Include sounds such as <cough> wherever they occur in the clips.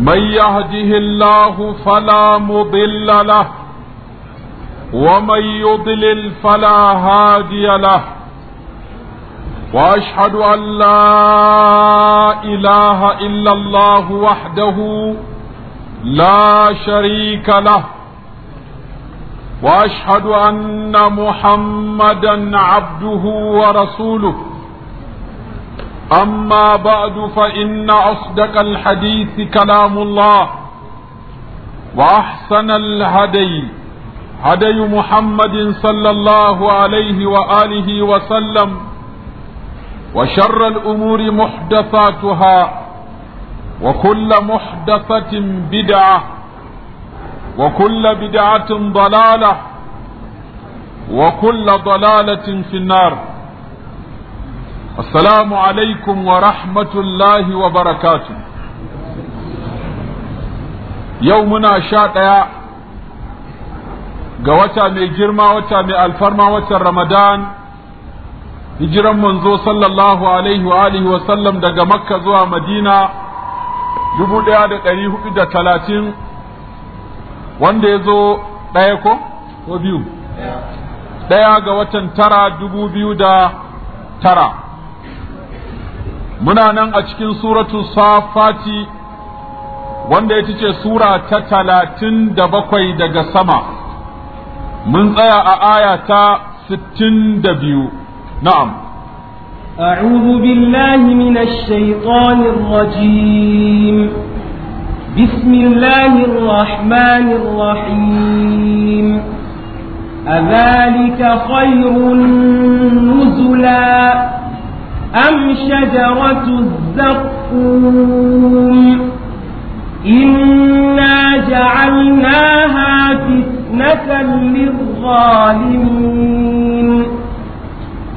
من يهده الله فلا مضل له ومن يضلل فلا هادي له واشهد ان لا اله الا الله وحده لا شريك له واشهد ان محمدا عبده ورسوله أما بعد فإن أصدق الحديث كلام الله وأحسن الهدي هدي محمد صلى الله عليه وآله وسلم وشر الأمور محدثاتها وكل محدثة بدعة وكل بدعة ضلالة وكل ضلالة في النار السلام عليكم ورحمة الله وبركاته يومنا ɗaya ga wata mai girma wata mai alfarma watan ramadan hijiran manzo sallallahu alaihi wa alihi wa sallam daga makka zuwa madina dubu ɗaya da ɗari hudu da talatin wanda ya zo ɗaya ko ko biyu ɗaya ga watan tara dubu biyu da tara muna nan a cikin suratu safati wanda ita ce sura ta talatin da bakwai daga sama mun tsaya a aya ta sittin da biyu na'am أعوذ بالله من shaitanir الرجيم بسم الله الرحمن الرحيم أذلك خير أم شجرة الزقوم إنا جعلناها فتنة للظالمين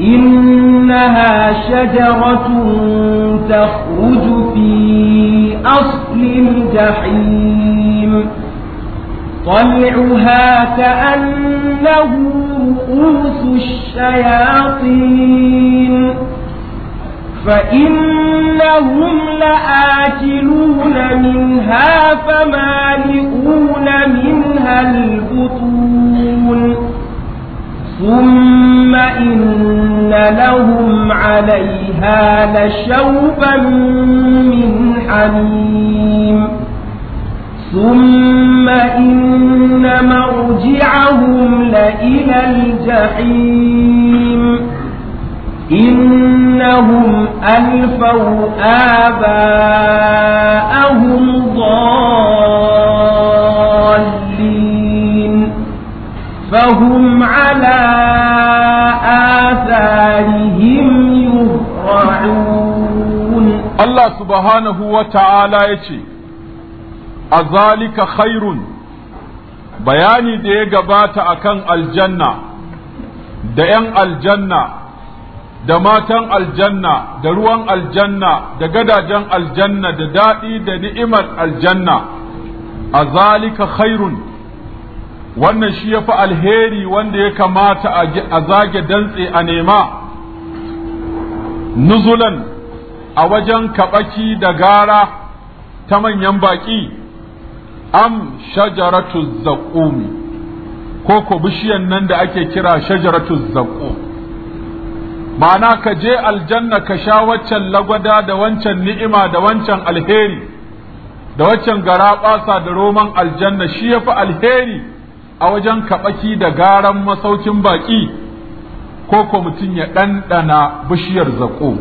إنها شجرة تخرج في أصل الجحيم طلعها كأنه رؤوس الشياطين فإنهم لآكلون منها فمالئون منها البطون ثم إن لهم عليها لشوبا من حميم ثم إن مرجعهم لإلى الجحيم إنهم ألفوا آباءهم ضالين فهم على آثارهم يهرعون الله سبحانه وتعالى يتي أذلك خير bayani da ya gabata akan aljanna da ‘yan aljanna da matan aljanna da ruwan aljanna da gadajen aljanna da daɗi da ni'imar aljanna a zalika khairun wannan shi ya fi alheri wanda ya kamata a zage dantse a nema nuzulan a wajen kaɓaki da gara ta manyan baƙi am shajaratu zaƙumi ko ko bishiyan nan da ake kira shajaratu zaƙumi ma'ana ka je aljanna ka sha waccan lagwada da wancan ni'ima da wancan alheri da waccan gara da roman aljanna shi ya fi alheri a wajen kaɓaki da garan masaukin baƙi ko ko mutum ya ɗanɗana bishiyar zaƙo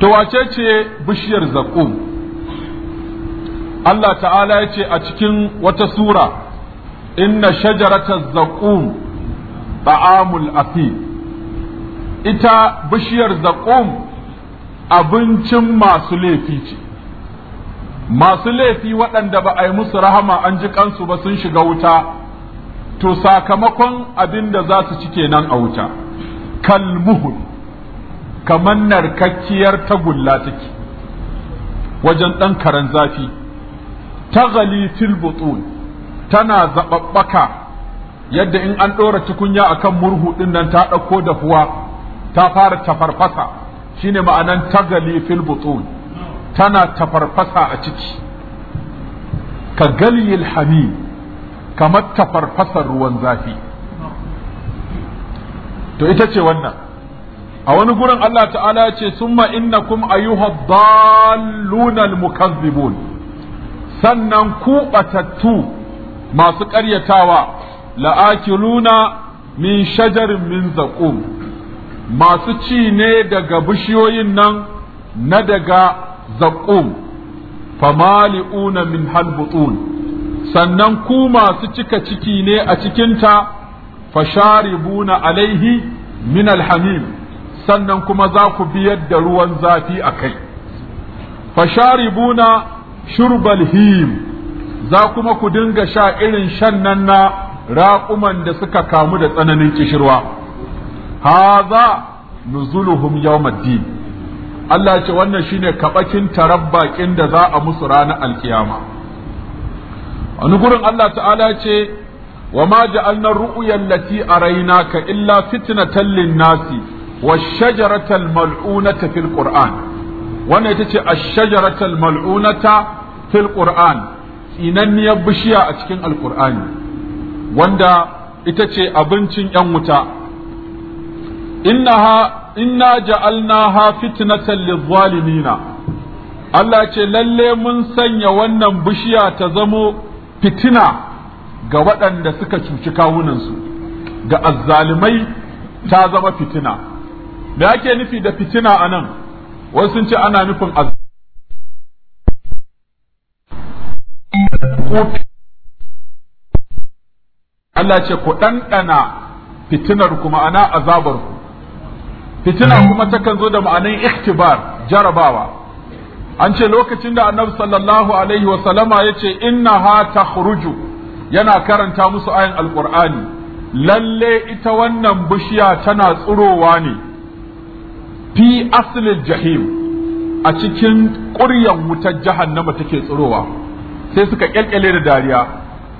to wace ce bishiyar zaƙo Allah ta'ala ya ce a cikin wata sura inna shajarata zaƙo ta'amul afi ita bishiyar zaƙon abincin masu laifi ce masu laifi waɗanda ba a yi musu rahama an ji kansu ba sun shiga wuta to sakamakon abin da za su cike nan a wuta kalmuhun, kamar narkakkiyar tagulla take wajen ɗan karen zafi tagali fil tana zaɓaɓɓaka yadda in an ɗora tukunya a kan murhu ɗin nan ta ɗauko dafuwa ta fara tafarfasa shine ma'anan tagali fil butun tana tafarfasa a ciki ka galyil hamim kamar tafarfasar ruwan zafi to ita ce wannan a wani gurin Allah ta'ala ya ce summa innakum ayyuhad dallunal mukazzibun sannan ku batattu masu ƙaryatawa la'akiluna min shajarin min zaqum masu ci ne daga bishiyoyin nan na daga zakum famali'una min halbutun sannan ku masu cika ciki ne a cikin ta, fasharibuna alaihi min alhamim sannan kuma za ku biyar da ruwan zafi a kai fasharibuna shurbal him za kuma ku dinga sha irin shan nan na raƙuman da suka kamu da tsananin kishirwa. haza nuzuluhum yawmaddin Allah ce wannan shine kabakin tarabbakin da za a musu ranar alkiyama wani gurin Allah ta'ala ce wa ma ja'alna ru'yan lati arainaka illa fitnatan lin-nasi wash-shajarata al-mal'unata fil qur'an wannan ita ce ash-shajarata malunata fil qur'an tsinanniyar bishiya a cikin alqur'ani wanda ita ce abincin yan wuta innaha inna ja'alnaha fitnatan lizzalimina Allah ce lalle mun sanya wannan bishiya ta zamo fitina ga waɗanda suka cuci kawunansu ga azzalumai ta zama fitina Me ake nufi da fitina a nan wasu sun ce ana nufin Allah ce ku ɗanɗana fitinar kuma ana azabarku fitina kuma takan zo da ma'anin ikhtibar jarabawa an ce lokacin da annabi sallallahu alaihi wa sallama yace ha takhruju yana karanta musu ayan alqur'ani lalle ita wannan bishiya tana tsurowa ne fi aslil jahim a cikin ƙuryan wutar jahannama take tsurowa sai suka kyalkyale da dariya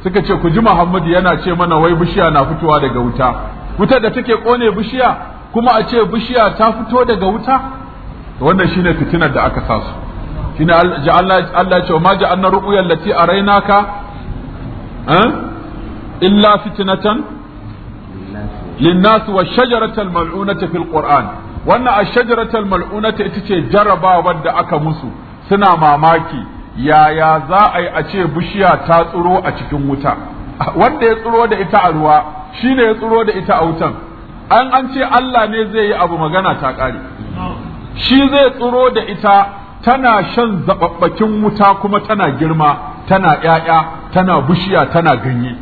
suka ce ku ji Muhammadu yana ce mana wai bishiya na fitowa daga wuta wutar da take kone bishiya kuma a ce bishiya ta fito daga wuta wannan shine fitinar da aka sa su shine Allah ya ce ma ja'alna ru'yal lati arainaka eh illa fitnatan linnas wa shajaratal mal'unata fil qur'an wannan ash-shajaratal mal'unata ita ce jarabawar da aka musu suna mamaki yaya za a yi a ce bishiya ta tsiro a cikin wuta wanda ya tsiro da ita a ruwa shine ya tsiro da ita a wutan an an ce Allah ne zai yi abu magana ta ƙare shi zai tsiro da ita tana shan zaɓaɓɓakin wuta kuma tana girma tana ƴaƴa tana bushiya tana ganye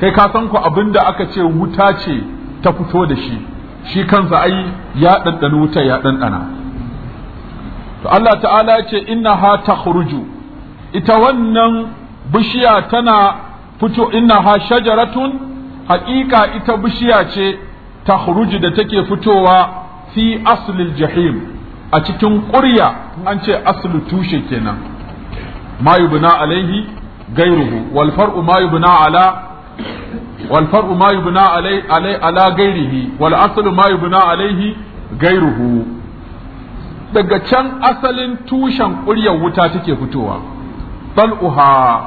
kai ka san ku abinda aka ce wuta ce ta fito da shi shi kansa ai ya ɗanɗana wuta ya ɗanɗana to Allah ta'ala ce inna ha ta ita wannan bishiya tana fito inna ha shajaratun haƙiƙa ita bishiya ce takhruj da take fitowa si aslil jahim a cikin ƙurya an ce aslu tushe kenan ma yubna alaihi gairuhu wal far'u ma yubna ala wal far'u ma yubna alai alai ala gairihi gairuhu daga can asalin tushen ƙuryar wuta take fitowa bal'uha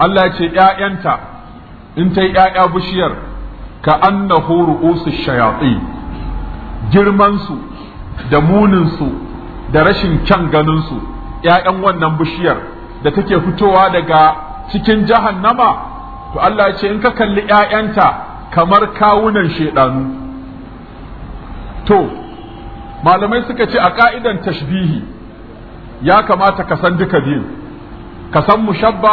Allah ya ce ‘ya'yanta in ta yi ‘ya'ya bishiyar ka annahu ru'usu shayatin girman su da munin su da rashin kyan ganinsu, 'ya'yan wannan bishiyar da take fitowa daga cikin jahannama to Allah ya ce in ka kalli 'ya'yanta kamar kawunan shedanu to malamai suka ce a ka'idan tashbihi ya kamata ka san duka biyun ka san mushabba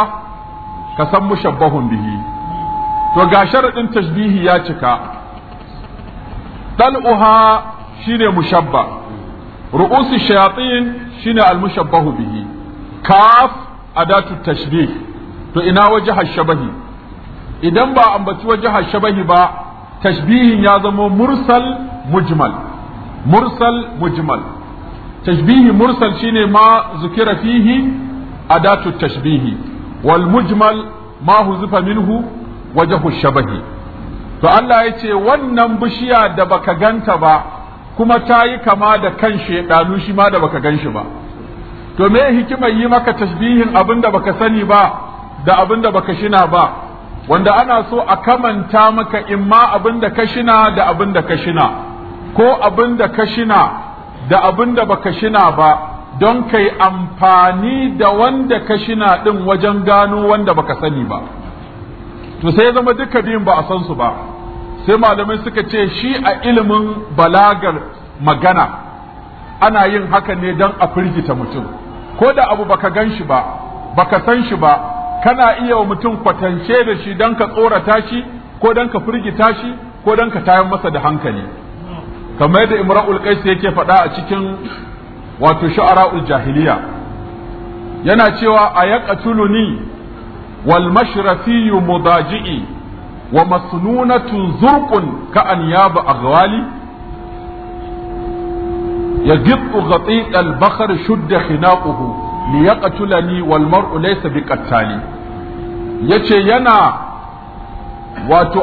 ka san mushabbahun bihi to ga sharaɗin tashbihi ya cika ɗal'uha shine mushabba Ru'usi shayatin shine almushabbahu bihi kaf adatu tashbih to ina wajaha shabahi idan ba ambaci har shabahi ba tashbihin ya zama mursal mujmal mursal mujmal tashbihi mursal shine ma zukira fihi adatu tashbihi wal mujmal ma huzifa minhu wajahu shabahi to Allah ya ce wannan bishiya da baka ganta ba kuma ta yi kama da kan shedanu shi ma da baka ganshi ba to me hikimar yi maka tashbihin abin da baka sani ba da abin da baka shina ba wanda ana so a kamanta maka imma abin da ka shina da abin da ka shina ko abin da ka shina da abin da baka shina ba don kai amfani da wanda ka shina din wajen gano wanda baka sani ba to sai zama duka biyun ba a san su ba sai malamai suka ce shi a ilimin balagar magana ana yin haka ne don a firgita mutum ko da abu baka gan shi ba baka san shi ba kana iya wa mutum kwatance da shi don ka tsorata shi ko don ka firgita shi ko don ka tayar masa da hankali kamar yadda imra'ul qais yake faɗa a cikin wato sha'ara'ul jahiliya yana cewa a tuluni. wal mashrafiyu mudaji'i wa masnunatun zurqun ka an yaba aghwali يجط غطيق البخر شد خناقه ليقتلني والمرء ليس بقتالي yace yana wato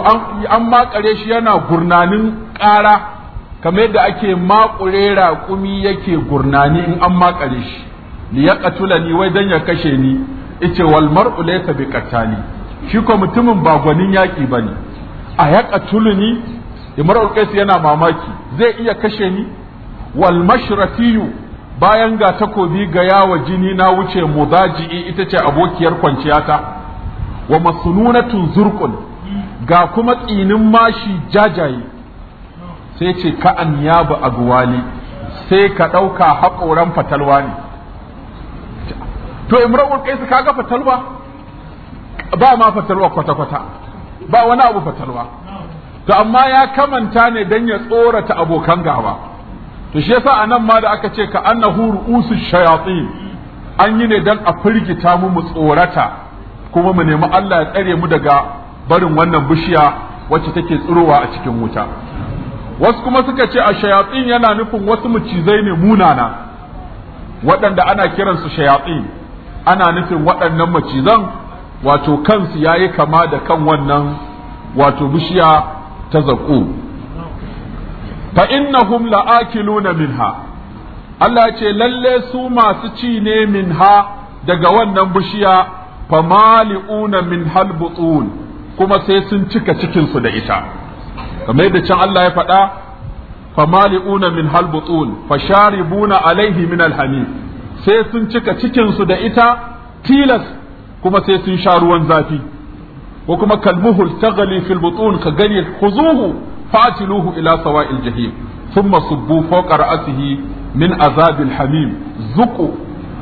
an maƙare shi yana gurnanin ƙara kamar yadda ake makure raƙumi yake gurnani in an makare shi li ya ni wai dan ya kashe ni Ice wal mar'u laysa bi qatali shi ko mutumin ba gwanin yaki bane a yaka tuluni imar ulqais yana mamaki zai iya kashe ni wal mashratiyu bayan ga takobi ga yawa jini na wuce mudaji ita ce abokiyar kwanciyata wa masununatun zurqun ga kuma tsinin mashi jajaye sai ce ka an yabu agwali sai ka ɗauka haƙoran fatalwa ne to imra'ul qais kaga fatalwa ba ma fatalwa kwata kwata ba wani abu fatalwa to amma ya kamanta ne dan ya tsorata abokan gaba to shi yasa anan ma da aka ce ka annahu ru'usu shayatin an yi ne dan a firgita mu mu tsorata kuma mu nemi Allah ya tsare mu daga barin wannan bishiya wacce take tsirowa a cikin wuta wasu kuma suka ce a shayatsin yana nufin wasu mucizai ne munana waɗanda ana kiransu shayatin ana nufin waɗannan macizan wato kansu ya yi kama da kan wannan wato bishiya ta zaƙo fa innahum la'akiluna minha Allah ce lalle su masu ci ne minha daga wannan bishiya famali'una min halbutun kuma sai sun cika cikinsu da ita kamar da can Allah ya faɗa famali'una min halbutun fasharibuna alaihi min alhamis. sai sun cika cikinsu da ita tilas kuma sai sun sha ruwan zafi ko kuma kalmuhul taghli fil butun ka gani khuzuhu fatiluhu ila sawa'il jahim thumma subbu fawqa ra'sihi min azabil hamim zuqu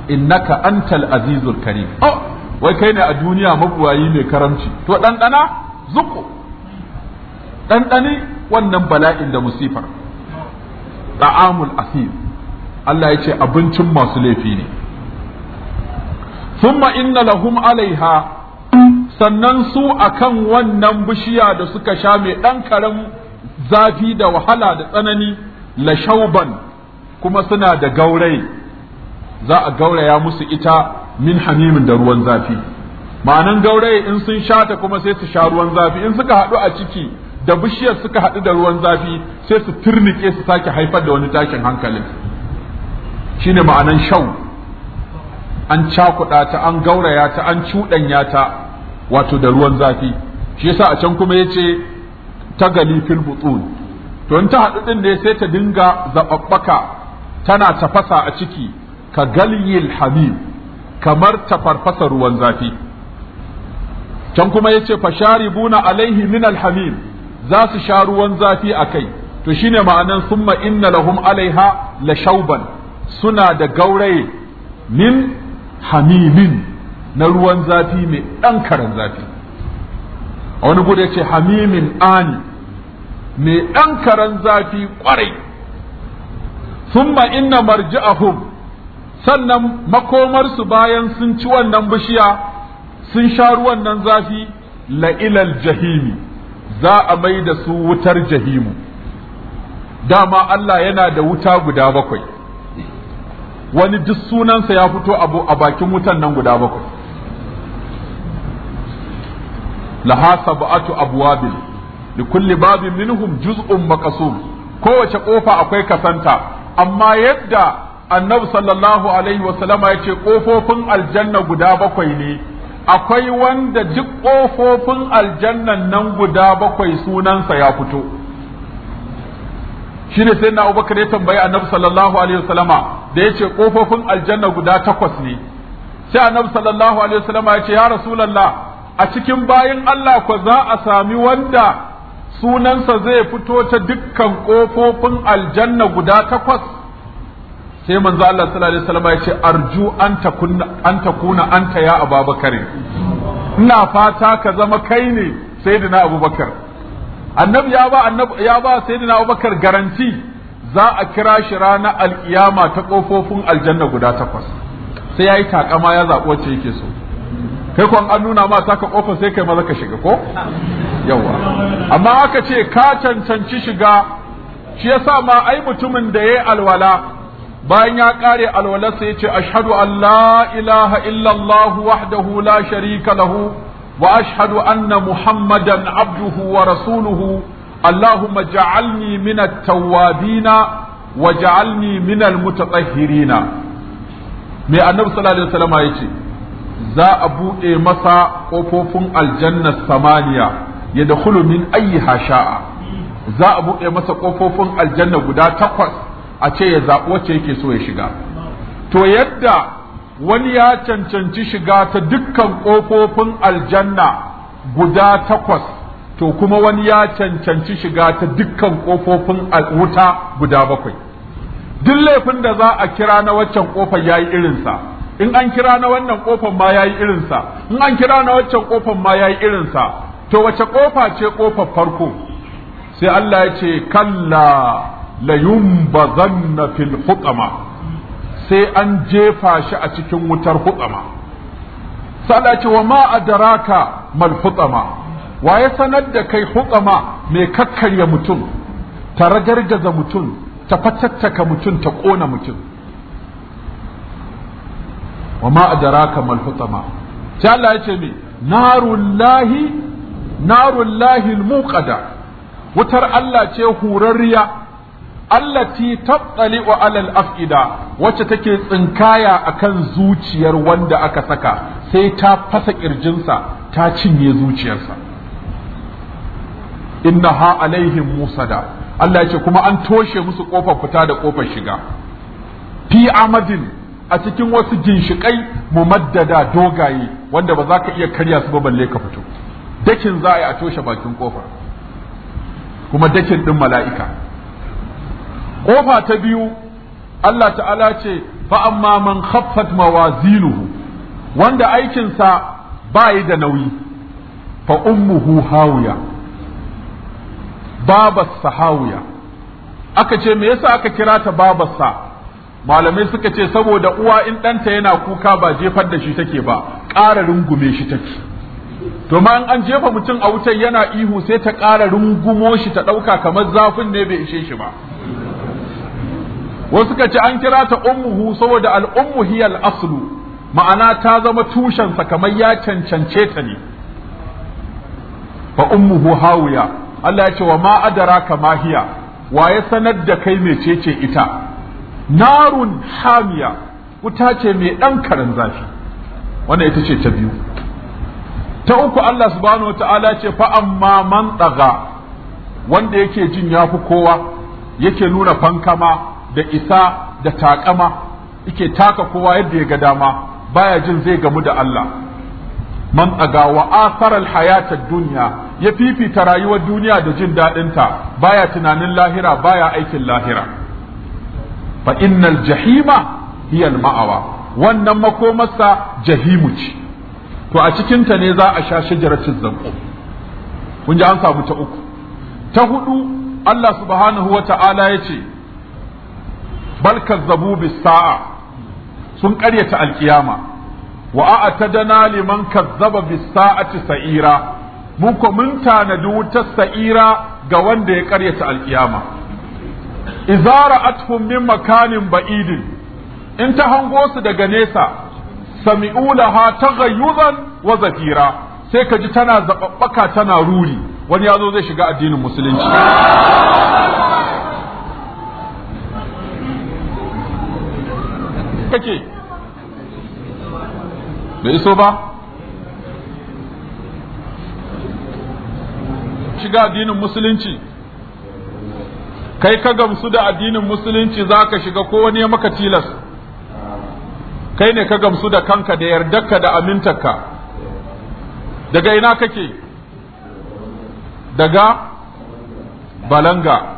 innaka antal azizul karim oh wai kai ne a duniya mabuwayi mai karamci to ɗanɗana zuku Dandani wannan bala'in da musifar da'amul asir Allah ya ce abincin masu laifi ne thumma inna lahum alaiha sannan su akan wannan bishiya da suka sha mai ɗan karen zafi da wahala da tsanani lashauban shauban kuma suna da gaurai za a gauraya musu ita min hamimin da ruwan zafi ma'anan gaurai in sun sha ta kuma sai su sha ruwan zafi in suka haɗu a ciki da bishiyar suka haɗu da ruwan zafi sai su turnike su sake haifar da wani tashin hankalin shine ma'anan shau an cakuɗa ta an gauraya ta an cuɗanya ta wato da ruwan zafi shi yasa a can kuma yace tagali fil butun to in ta haɗu din ne sai ta dinga zaɓaɓɓaka tana tafasa a ciki ka galyil hamim kamar ta farfasa ruwan zafi can kuma yace fasharibuna alaihi min alhamim za su sha ruwan zafi a kai to shine ma'anan summa inna lahum alaiha la shauban suna da gauraye min hamimin na ruwan zafi mai ɗan karen zafi a wani gudu ce hamimin ani mai ɗan karen zafi ƙwarai sun marji a marji'ahum sannan makomarsu bayan sun ci wannan bishiya sun sha ruwan nan zafi la'ilal jahimi za a mai da su wutar jahimu dama Allah yana da wuta guda bakwai wani duk sunansa ya fito a bakin wutan nan guda bakwai laha sab'atu abwabil li kulli babin minhum juz'un maqsum kowace kofa akwai kasanta amma yadda annabi sallallahu alaihi wa ya ce kofofin aljanna guda bakwai ne akwai wanda duk kofofin aljannan nan guda bakwai sunansa ya fito shine sai na Abubakar ya tambayi Annabi sallallahu alaihi wasallama da yace kofofin aljanna guda takwas ne sai Annabi sallallahu alaihi wasallama yace ya Rasulullah a cikin bayin Allah ko za a sami wanda sunansa zai fito ta dukkan kofofin aljanna guda takwas sai manzo Allah sallallahu alaihi ya yace arju an takuna an takuna anta ya Abubakar ina fata ka zama kai ne sayyidina Abubakar annabi ya ba annabi ya ba sayyidina Abubakar garanti za a kira shi ranar alkiyama ta kofofin aljanna guda takwas sai yayi takama ya zaɓi wacce yake so kai kwan an nuna ma ka kofar sai kai maza ka shiga ko yawa amma aka ce ka cancanci shiga shi yasa ma ai mutumin da yayi alwala bayan ya kare alwalarsa yace ashhadu an la ilaha illallah wahdahu la sharika lahu واشهد ان محمدا عبده ورسوله اللهم اجعلني من التوابين واجعلني من المتطهرين me annabi sallallahu alaihi wasallam yace za a bude masa ƙofofin aljanna samaniya ya dakhulu min ayyi hasha'a za a buɗe masa ƙofofin aljanna guda takwas a ce ya zaɓi wacce yake so ya shiga to yadda wani ya cancanci shiga ta dukkan ƙofofin aljanna guda takwas to kuma wani ya cancanci shiga ta dukkan ƙofofin wuta guda bakwai duk laifin da za a kira na waccan ƙofar ya yi irinsa in an kira na wannan ƙofar ma ya yi irinsa in an kira na waccan ƙofar ma ya yi irinsa to wace ƙofa ce ƙofar farko sai Allah ya ce kalla layumbazanna fil huqama sai an jefa shi a cikin wutar hutsama sada ce wa ma adraka mal hutsama wa ya sanar da kai hutsama mai kakkarya mutum ta ragargaza mutum ta fatattaka mutum ta kona mutum wa ma adraka mal hutsama sai Allah ya ce me narullahi narullahi al-muqada wutar Allah ce hurarriya allati wa alal afida wacce take tsinkaya akan zuciyar wanda aka saka sai ta fasa kirjinsa ta cinye zuciyarsa ha alaihim musada Allah ya ce kuma an toshe musu kofar fita da kofar shiga fi amadin a cikin wasu ginshikai mumaddada dogaye wanda ba za ka iya karya su ba balle ka fito dakin za a yi a toshe bakin kofar kuma dakin din mala'ika kofa ta biyu Allah ta'ala ce fa amma man khaffat mawazinuhu wanda aikinsa ba da nauyi fa ummuhu hawiya Babassa hawiya aka ce me yasa aka kira ta babarsa malamai suka ce saboda uwa in ɗanta yana kuka ba jefar da shi take ba ƙara rungume shi take to ma an jefa mutum a wutar yana ihu sai ta ƙara rungumo shi ta ɗauka kamar zafin ne bai ishe shi ba wasu ka ce an kira ta ummuhu saboda al'ummu hiya al'aslu ma'ana ta zama tushensa kamar ya cancance ta ne fa ummuhu hawiya Allah ya ce wa ma ka ma hiya wa ya sanar da kai mecece ita narun hamiya wuta ce mai dan karin zafi wannan ita ce ta biyu ta uku Allah subhanahu wa ta'ala ce fa amma man tsaga wanda yake jin yafi kowa yake nuna fankama da isa da takama yake taka kowa yadda ya ga dama baya jin zai gamu da Allah man tsaga wa asarar hayatar duniya ya fifita rayuwar duniya da jin daɗinta baya tunanin lahira baya aikin lahira fa innal jahima hiya ma'awa wannan makomarsa jahimu ce to a cikinta ne za a sha shajaratin zanko kun ji an samu ta uku ta hudu Allah subhanahu wa ta'ala ya ce bal kazzabu bis sa'a sun ƙaryata alkiyama wa a'tadana liman kazzaba bis sa'ati sa'ira mu ko mun tanadi wutar sa'ira ga wanda ya ƙaryata alƙiyama izara atfum min makanin ba'idin in ta hango su daga nesa sami'u laha taghayyuzan wa zafira sai ka ji tana zababbaka tana ruri wani ya zo zai shiga addinin musulunci kake bai iso ba shiga addinin musulunci kai ka gamsu da addinin musulunci za ka shiga ko wani ya maka tilas kai ne ka gamsu da kanka da yardarka da amintarka daga ina kake daga balanga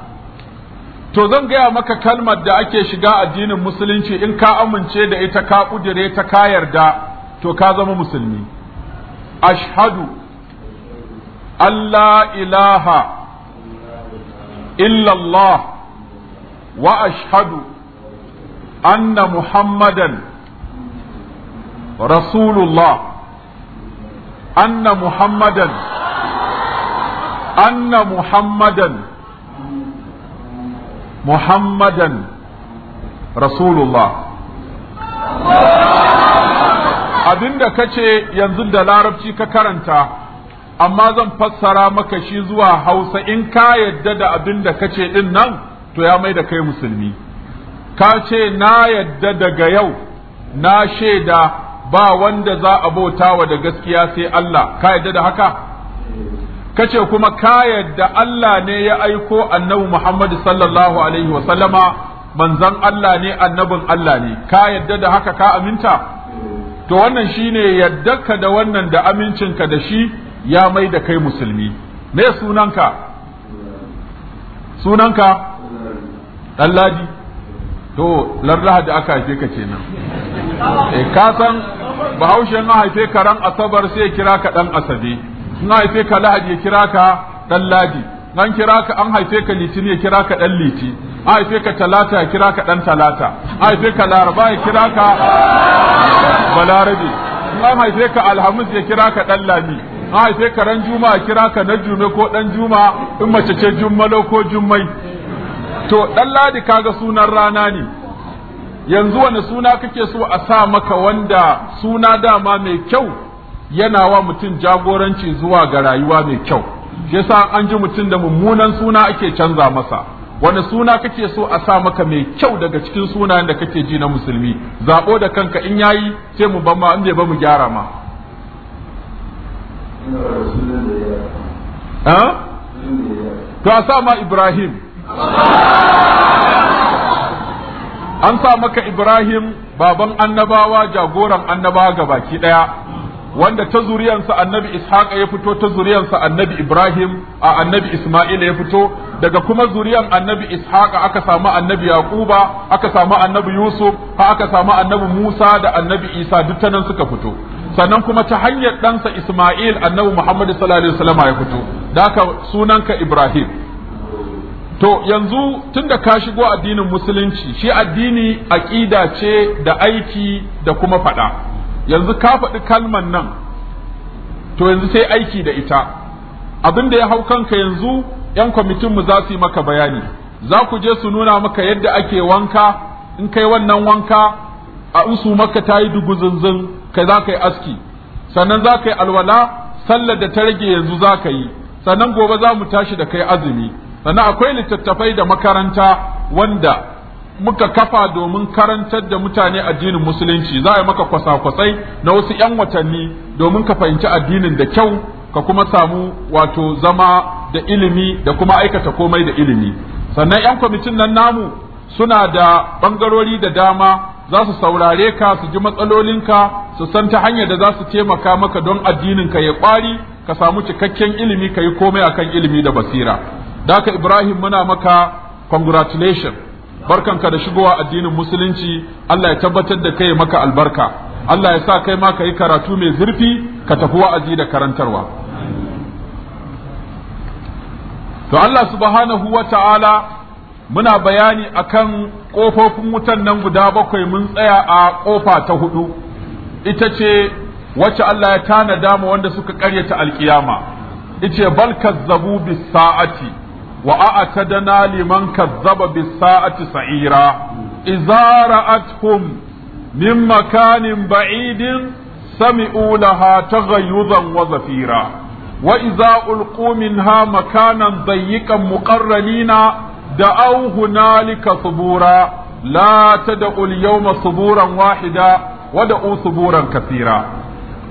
to zan gaya maka kalmar da ake shiga addinin musulunci in ka amince da ita ka kudire ta ka yarda to ka zama musulmi ashhadu Allah ilaha illallah wa ashhadu anna muhammadan rasulullah anna muhammadan anna muhammadan muhammadan rasulullah abinda kace yanzu da larabci ka karanta amma zan fassara maka shi zuwa hausa in ka yadda da abinda kace din nan to ya mai da kai musulmi ka ce na yadda daga yau na shaida ba wanda za a bauta wa da gaskiya sai Allah ka yadda da haka kace kuma ka yadda Allah ne ya aiko annabi Muhammad sallallahu alaihi wa sallama manzon Allah ne annabin Allah ne ka yadda da haka ka aminta to wannan shine ka da wannan da amincinka da shi ya mai da kai musulmi me sunanka sunanka Ɗanladi to lallaha da aka haife ka kenan E, ka san bahaushen haife karan asabar sai kira ka dan asabe in haife ka lahadi ya kira ka dan ladi an kira ka an haife ka litini ya kira ka dan liti an haife ka talata ya kira ka dan talata an haife ka laraba ya kira ka balarabe an haife ka alhamis ya kira ka dan lami an haife ka ran juma ya kira ka na jume ko dan juma in mace ce jummalo ko jummai to dan ladi kaga sunan rana ne yanzu wani suna kake so a sa maka wanda suna dama mai kyau yana wa mutum jagoranci zuwa ga rayuwa mai kyau shi yasa an ji mutum da mummunan suna ake canza masa wani suna kake so a sa maka mai kyau daga cikin sunayen da kake ji na musulmi zabo da kanka in yayi sai mu ban ma in ba mu gyara ma to a sa ma ibrahim an sa maka ibrahim baban annabawa jagoran annabawa ga baki daya wanda ta zuriyarsa annabi ishaq ya fito ta zuriyarsa annabi ibrahim a annabi isma'il ya fito daga kuma zuriyar annabi ishaq aka samu annabi yaquba aka samu annabi yusuf ha aka samu annabi musa da annabi isa duk ta nan suka fito sannan kuma ta hanyar ɗansa isma'il annabi muhammad sallallahu alaihi wasallam ya fito sunan sunanka ibrahim to yanzu tunda ka shigo addinin musulunci shi addini aqida ce da aiki da kuma faɗa yanzu ka faɗi kalman nan to yanzu sai aiki da ita abin da ya hau kanka yanzu 'yan kwamitinmu za su yi maka bayani za ku je su nuna maka yadda ake wanka in kai wannan wanka a in su maka ta yi duguzunzun kai za ka yi aski sannan za ka yi alwala sallar da ta rage yanzu za ka yi sannan gobe za mu tashi da kai azumi sannan akwai littattafai da makaranta wanda muka kafa domin karantar da mutane addinin musulunci za a maka kwasa-kwasai na wasu 'yan watanni domin ka fahimci addinin da kyau ka kuma samu wato zama da ilimi da kuma aikata komai da ilimi sannan 'yan kwamitin nan namu suna da bangarori da dama za su saurare ka su ji matsalolinka su san ta hanyar da za su taimaka maka don addinin ka ya kwari ka samu cikakken ilimi ka yi komai akan ilimi da basira da Ibrahim muna maka congratulation barkanka da shigowa addinin musulunci Allah ya tabbatar da kai maka albarka Allah ya sa kai ma ka yi karatu mai zurfi ka tafi wa'azi da karantarwa to Allah subhanahu wa ta'ala muna bayani akan ƙofofin wutan nan guda bakwai mun tsaya a ƙofa ta hudu ita ce wacce Allah ya tana mu wanda suka ƙaryata alkiyama ice bal kazzabu bis sa'ati wa a'tadna liman kazzaba bis sa'ati sa'ira idza ra'atuhum min makanin ba'idin sami'u ta taghayyuzan wa zafira wa idza ulqu minha makanan dayyiqan muqarranina دعوا هنالك ثبورا لا تدعوا اليوم ثبورا واحدا ودعوا yi كثيرا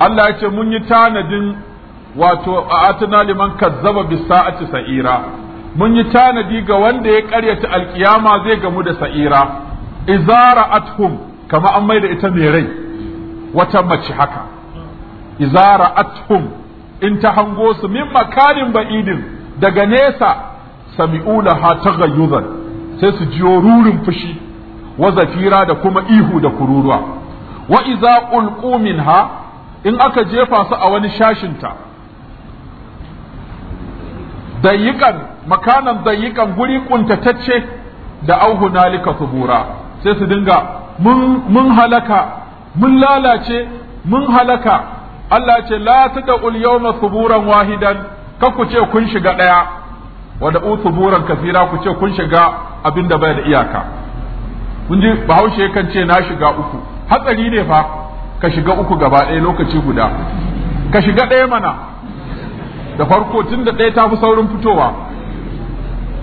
الله يتي من يتاندن لمن كذب بالساعه سعيرا mun yi tanadi ga wanda ya karyata alkiyama zai gamu da sa'ira izara athum kama an maida ita mai rai wata mace haka izara athum in ta hango su min makarin ba'idin daga nesa sami'u laha taghayyuzan sai su jiyo rurin fushi wa zafira da kuma ihu da kururuwa wa iza ulqu minha in aka jefa su a wani shashinta dayiƙan makanan kan guri kuntatacce da auhu nalika subura sai su dinga mun halaka mun lalace mun halaka Allah ce la ul yawma suburan wahidan ka ku ce kun shiga daya wa u suburan kafira ku ce kun shiga abinda bai da iyaka kun ji bahaushe kan ce na shiga uku hatsari ne fa ka shiga uku gaba ɗaya lokaci guda ka shiga ɗaya mana da farko tun da ɗaya ta fi saurin fitowa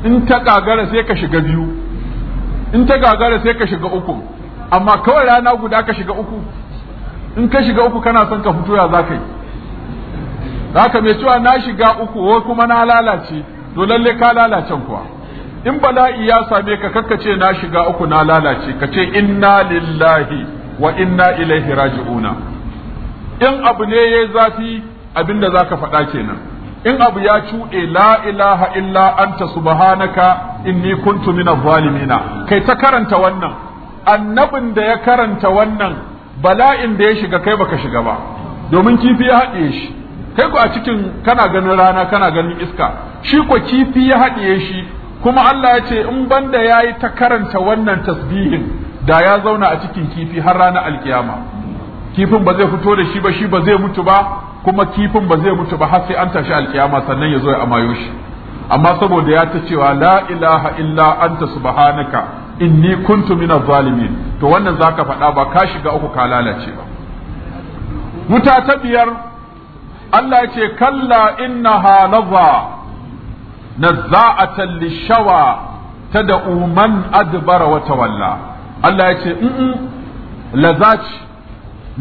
in ta gagara sai ka shiga biyu in ta gagara sai ka shiga uku amma kawai rana guda ka shiga uku in ka shiga uku kana son ka fito ya za ka yi za ka mai cewa na shiga uku wai kuma na lalace to lalle ka lalace kuwa in bala'i ya same ka kakka ce na shiga uku na lalace ka ce inna lillahi wa inna ilaihi raji'una in abu ne yayi zafi abinda zaka faɗa kenan in abu ya cuɗe la ilaha illa anta subhanaka inni kuntu minaz zalimina kai ta karanta wannan annabin da ya karanta wannan bala'in da ya shiga kai baka shiga ba domin kifi ya haɗiye shi kai ko a cikin kana ganin rana kana ganin iska shi ko kifi ya haɗiye shi kuma Allah ya ce in banda yayi ta karanta wannan tasbihin da ya zauna a cikin kifi har ranar alkiyama kifin ba zai fito da shi ba shi ba zai mutu ba kuma kifin ba zai mutu ba har sai an tashi alkiyama sannan ya zo ya amayo shi amma saboda ya ta cewa la ilaha illa anta subhanaka inni kuntu min zalimin to wannan zaka faɗa ba ka shiga uku ka lalace ba wuta ta biyar Allah ya ce kalla innaha laza nazza'atan lishawa tad'u man adbara wa tawalla Allah ya ce lazaci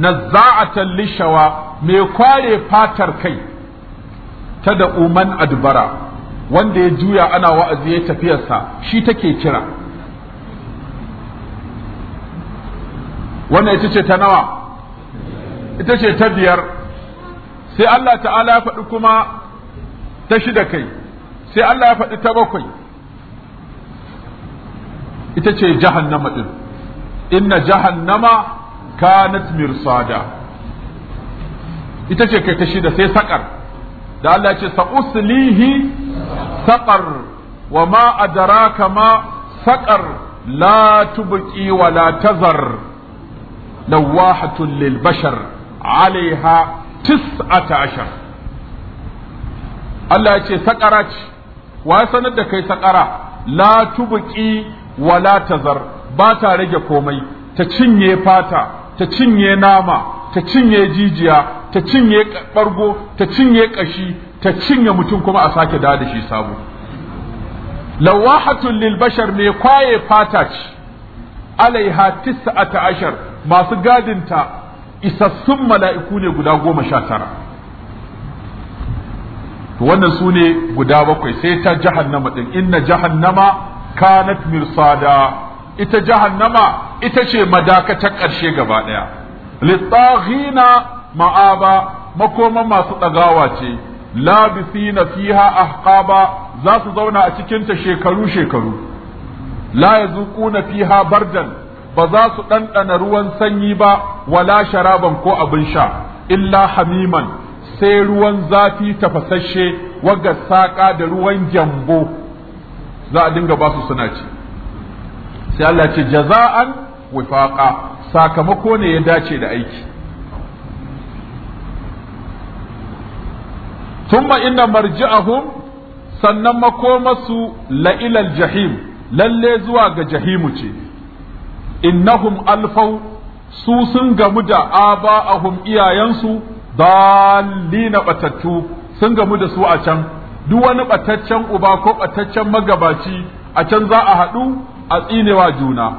nazza'atan shawa mai kware fatar kai ta da uman adbara wanda ya juya ana wa'azi ya tafiyarsa shi take kira wannan ita ce ta nawa ita ce ta biyar sai Allah ta'ala ya faɗi kuma ta shida kai sai Allah ya faɗi ta bakwai ita ce jahannama ɗin inna jahannama kanat mirsada ita ce kai ta shida sai saƙar da Allah ce sa'uslihi saƙar wa ma adraka ma saƙar la tubqi wa la tazar lawahatun lil bashar alaiha tis'ata ashar Allah ya ce saƙara ce wa sanar da kai saƙara la tubqi wa la tazar ba ta rage komai ta cinye fata ta cinye nama ta cinye jijiya ta cinye bargo ta cinye kashi ta cinye mutum kuma a sake da shi sabo lawahatun lil bashar kwaye fata ce alaiha tis'ata ashar masu gadinta isassun mala'iku ne guda goma sha tara wannan su ne guda bakwai sai ta jahannama din inna jahannama kanat mirsada ita jahannama ita ce madakatar ƙarshe gaba ɗaya littaghina ma'aba makoman masu ɗagawa ce labisina fiha ahqaba za su zauna a cikinta shekaru shekaru la yazuquna fiha bardan ba za su ɗanɗana ruwan sanyi ba wala sharaban ko abin sha illa hamiman sai ruwan zafi tafasasshe wagga saƙa da ruwan gyambo za a dinga ba su suna ci sai Allah ce jaza'an wifaqa sakamako ne ya dace da aiki thumma inna marji'ahum sannan makomasu la'ilal jahim lalle zuwa ga jahimu ce innahum alfau su sun gamu da aba'ahum iyayensu dalina batattu sun gamu da su a can duk wani bataccen uba ko bataccen magabaci a can za a haɗu a tsinewa juna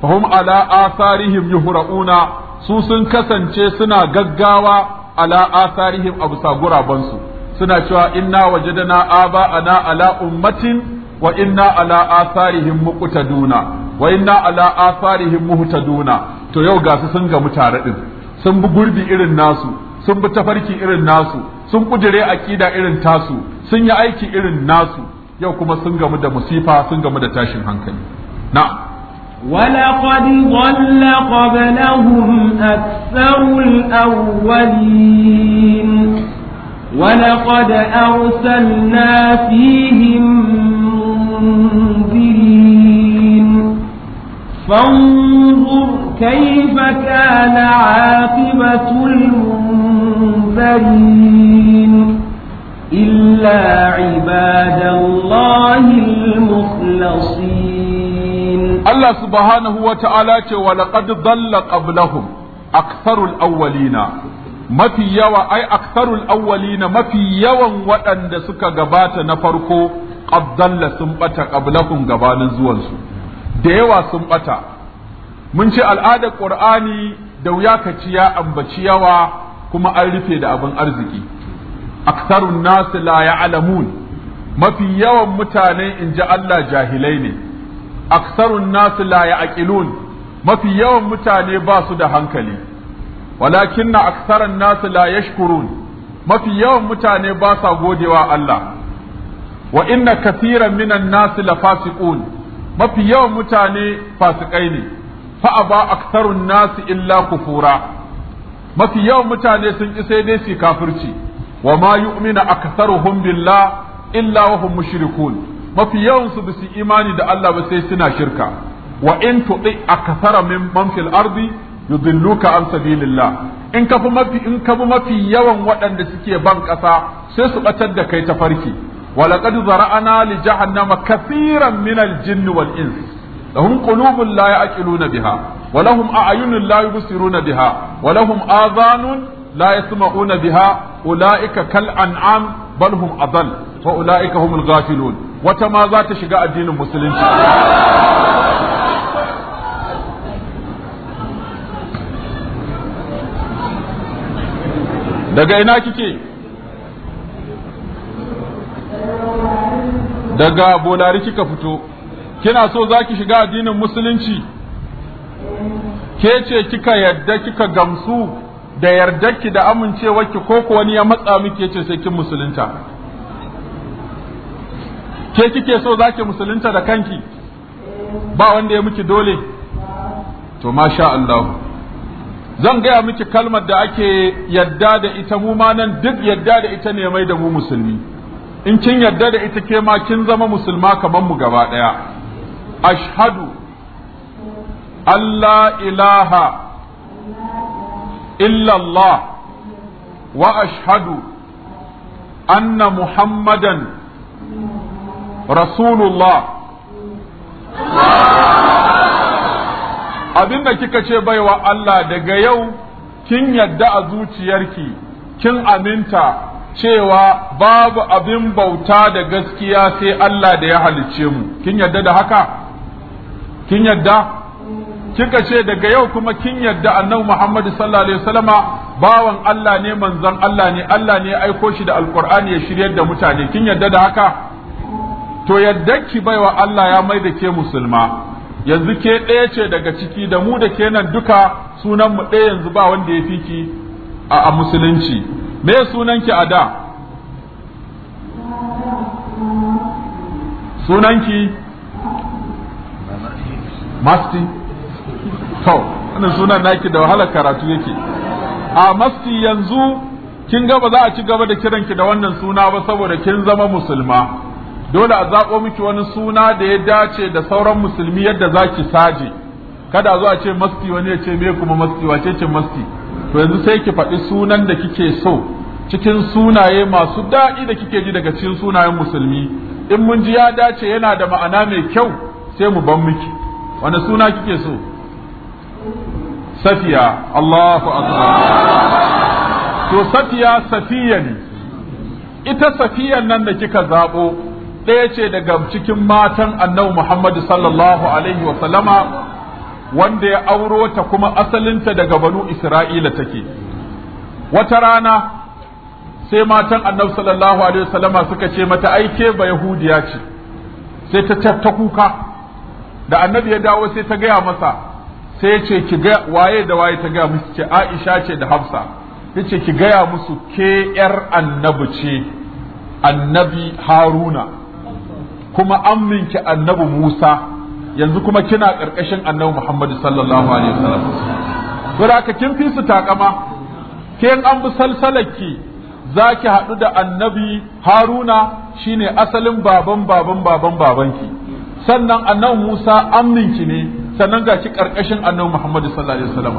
fahum ala asarihim yuhra'una su sun kasance suna gaggawa ala asarihim abu gurabansu, suna cewa inna wajadana ana ala ummatin wa inna ala asarihim muqtaduna wa inna ala asarihim muhtaduna to yau ga su sun gamu tare din sun bi gurbi irin nasu sun bi tafarki irin nasu sun kujire aƙida irin tasu sun yi aiki irin nasu yau kuma sun gamu da musifa sun gamu da tashin hankali na'am ولقد ضل قبلهم أكثر الأولين ولقد أرسلنا فيهم منذرين فانظر كيف كان عاقبة المنذرين إلا عباد الله المخلصين الله سبحانه وتعالى ولقد ضل aksarul أكثر الأولين mafi yawa ai aktharul awwalina mafi yawan waɗanda suka gabata na farko zalla sun bata qablahum gabanin zuwansu da yawa sun ɓata. mun ce al'adar qur'ani da wuya ka ci ya ambaci yawa kuma an rufe da abin arziki Aksarun nasu la alamun mafi yawan mutane in ji Allah jahilai ne aksarun nasu la aƙilun mafi yawan mutane ba su da hankali na aktharun nasu la yashkurun mafi yawan mutane ba sa godewa Allah wa inna kathiran minan nasu la fasikun mafi yawan mutane fasikai ne fa'a ba aktharun nasu illa kufura mafi yawan mutane sun isai sai dai su kafirci wa ma yu'minu aktharuhum billah illa wa hum mushrikun mafi yawan su bisu imani da Allah ba sai suna shirka wa in tuti akthara min man fil ardi yudilluka an sabilillah in ka mafi in ka mafi yawan waɗanda suke ban ƙasa sai su batar da kai ta farki wa laqad na li jahannama kathiran min al jinn wal ins لهم قلوب لا يعقلون بها ولهم أعين لا يبصرون بها ولهم آذان la يسمعون biha ulaika kal an'am bal hum adall wa ulaika humul ghafilun wata ma za ta shiga addinin musulunci daga ina kike daga bolari kika fito kina so za ki shiga addinin musulunci ke ce kika yadda kika gamsu da yardarki da amincewarki ko ko wani ya matsa miki yace sai kin musulunta ke kike so zaki musulunta da kanki ba wanda ya miki dole to masha Allah zan gaya miki kalmar da ake yadda da ita mu ma nan duk yadda da ita ne mai da mu musulmi in kin yadda da ita ke ma kin zama musulma kamar mu gaba daya ashhadu Allah ilaha إلا الله وأشهد أن محمدا رسول الله abin da kika ce baiwa Allah daga yau kin yarda a zuciyarki kin aminta cewa babu abin bauta da gaskiya sai Allah da ya halicce mu kin yadda da haka kin yarda? kika ce daga yau kuma kin yarda annabi Muhammad sallallahu alaihi wasallama bawan Allah ne manzon Allah ne Allah ne aiko shi da alqur'ani ya shiryar da mutane kin yarda da haka to yadda ki baiwa Allah ya mai da ke musulma yanzu ke ɗaya ce daga ciki da mu da ke nan duka sunan mu ɗaya yanzu ba wanda ya fiki? a musulunci me sunan ki a da sunan ki masti to wannan sunan naki da wahala karatu yake a masti yanzu kin ga ba za a ci gaba da kiran ki da wannan suna ba saboda kin zama musulma dole a zaɓo miki wani suna da ya dace da sauran musulmi yadda zaki saje kada a zo a ce masti wani ya ce me kuma masti wace ce masti to yanzu sai ki faɗi sunan da kike so cikin sunaye masu daɗi da kike ji daga cikin sunayen musulmi in mun ji ya dace yana da ma'ana mai kyau sai mu ban miki wani suna kike so safiya Allahu akbar to safiya safiya ne ita safiyan nan da kika zabo ɗaya ce daga cikin matan annabi Muhammad sallallahu alaihi wa sallama wanda ya auro ta kuma asalinta daga banu Isra'ila take wata rana sai matan annabi sallallahu alaihi wa sallama suka ce mata aike ba yahudiya ce sai ta ta kuka da annabi ya dawo sai ta gaya masa sai ce ki ga waye da waye ta ga musu ce Aisha ce da Hafsa yace ki gaya musu ke yar annabi ce annabi Haruna kuma amminki annabi Musa yanzu kuma kina karkashin annabi Muhammadu sallallahu alaihi wasallam ka kin fi su takama ke an bi salsalaki za ki haɗu da annabi haruna shine asalin baban baban baban babanki sannan annabi musa amminki ne sannan shi karkashin annabi Muhammad sallallahu alaihi wasallam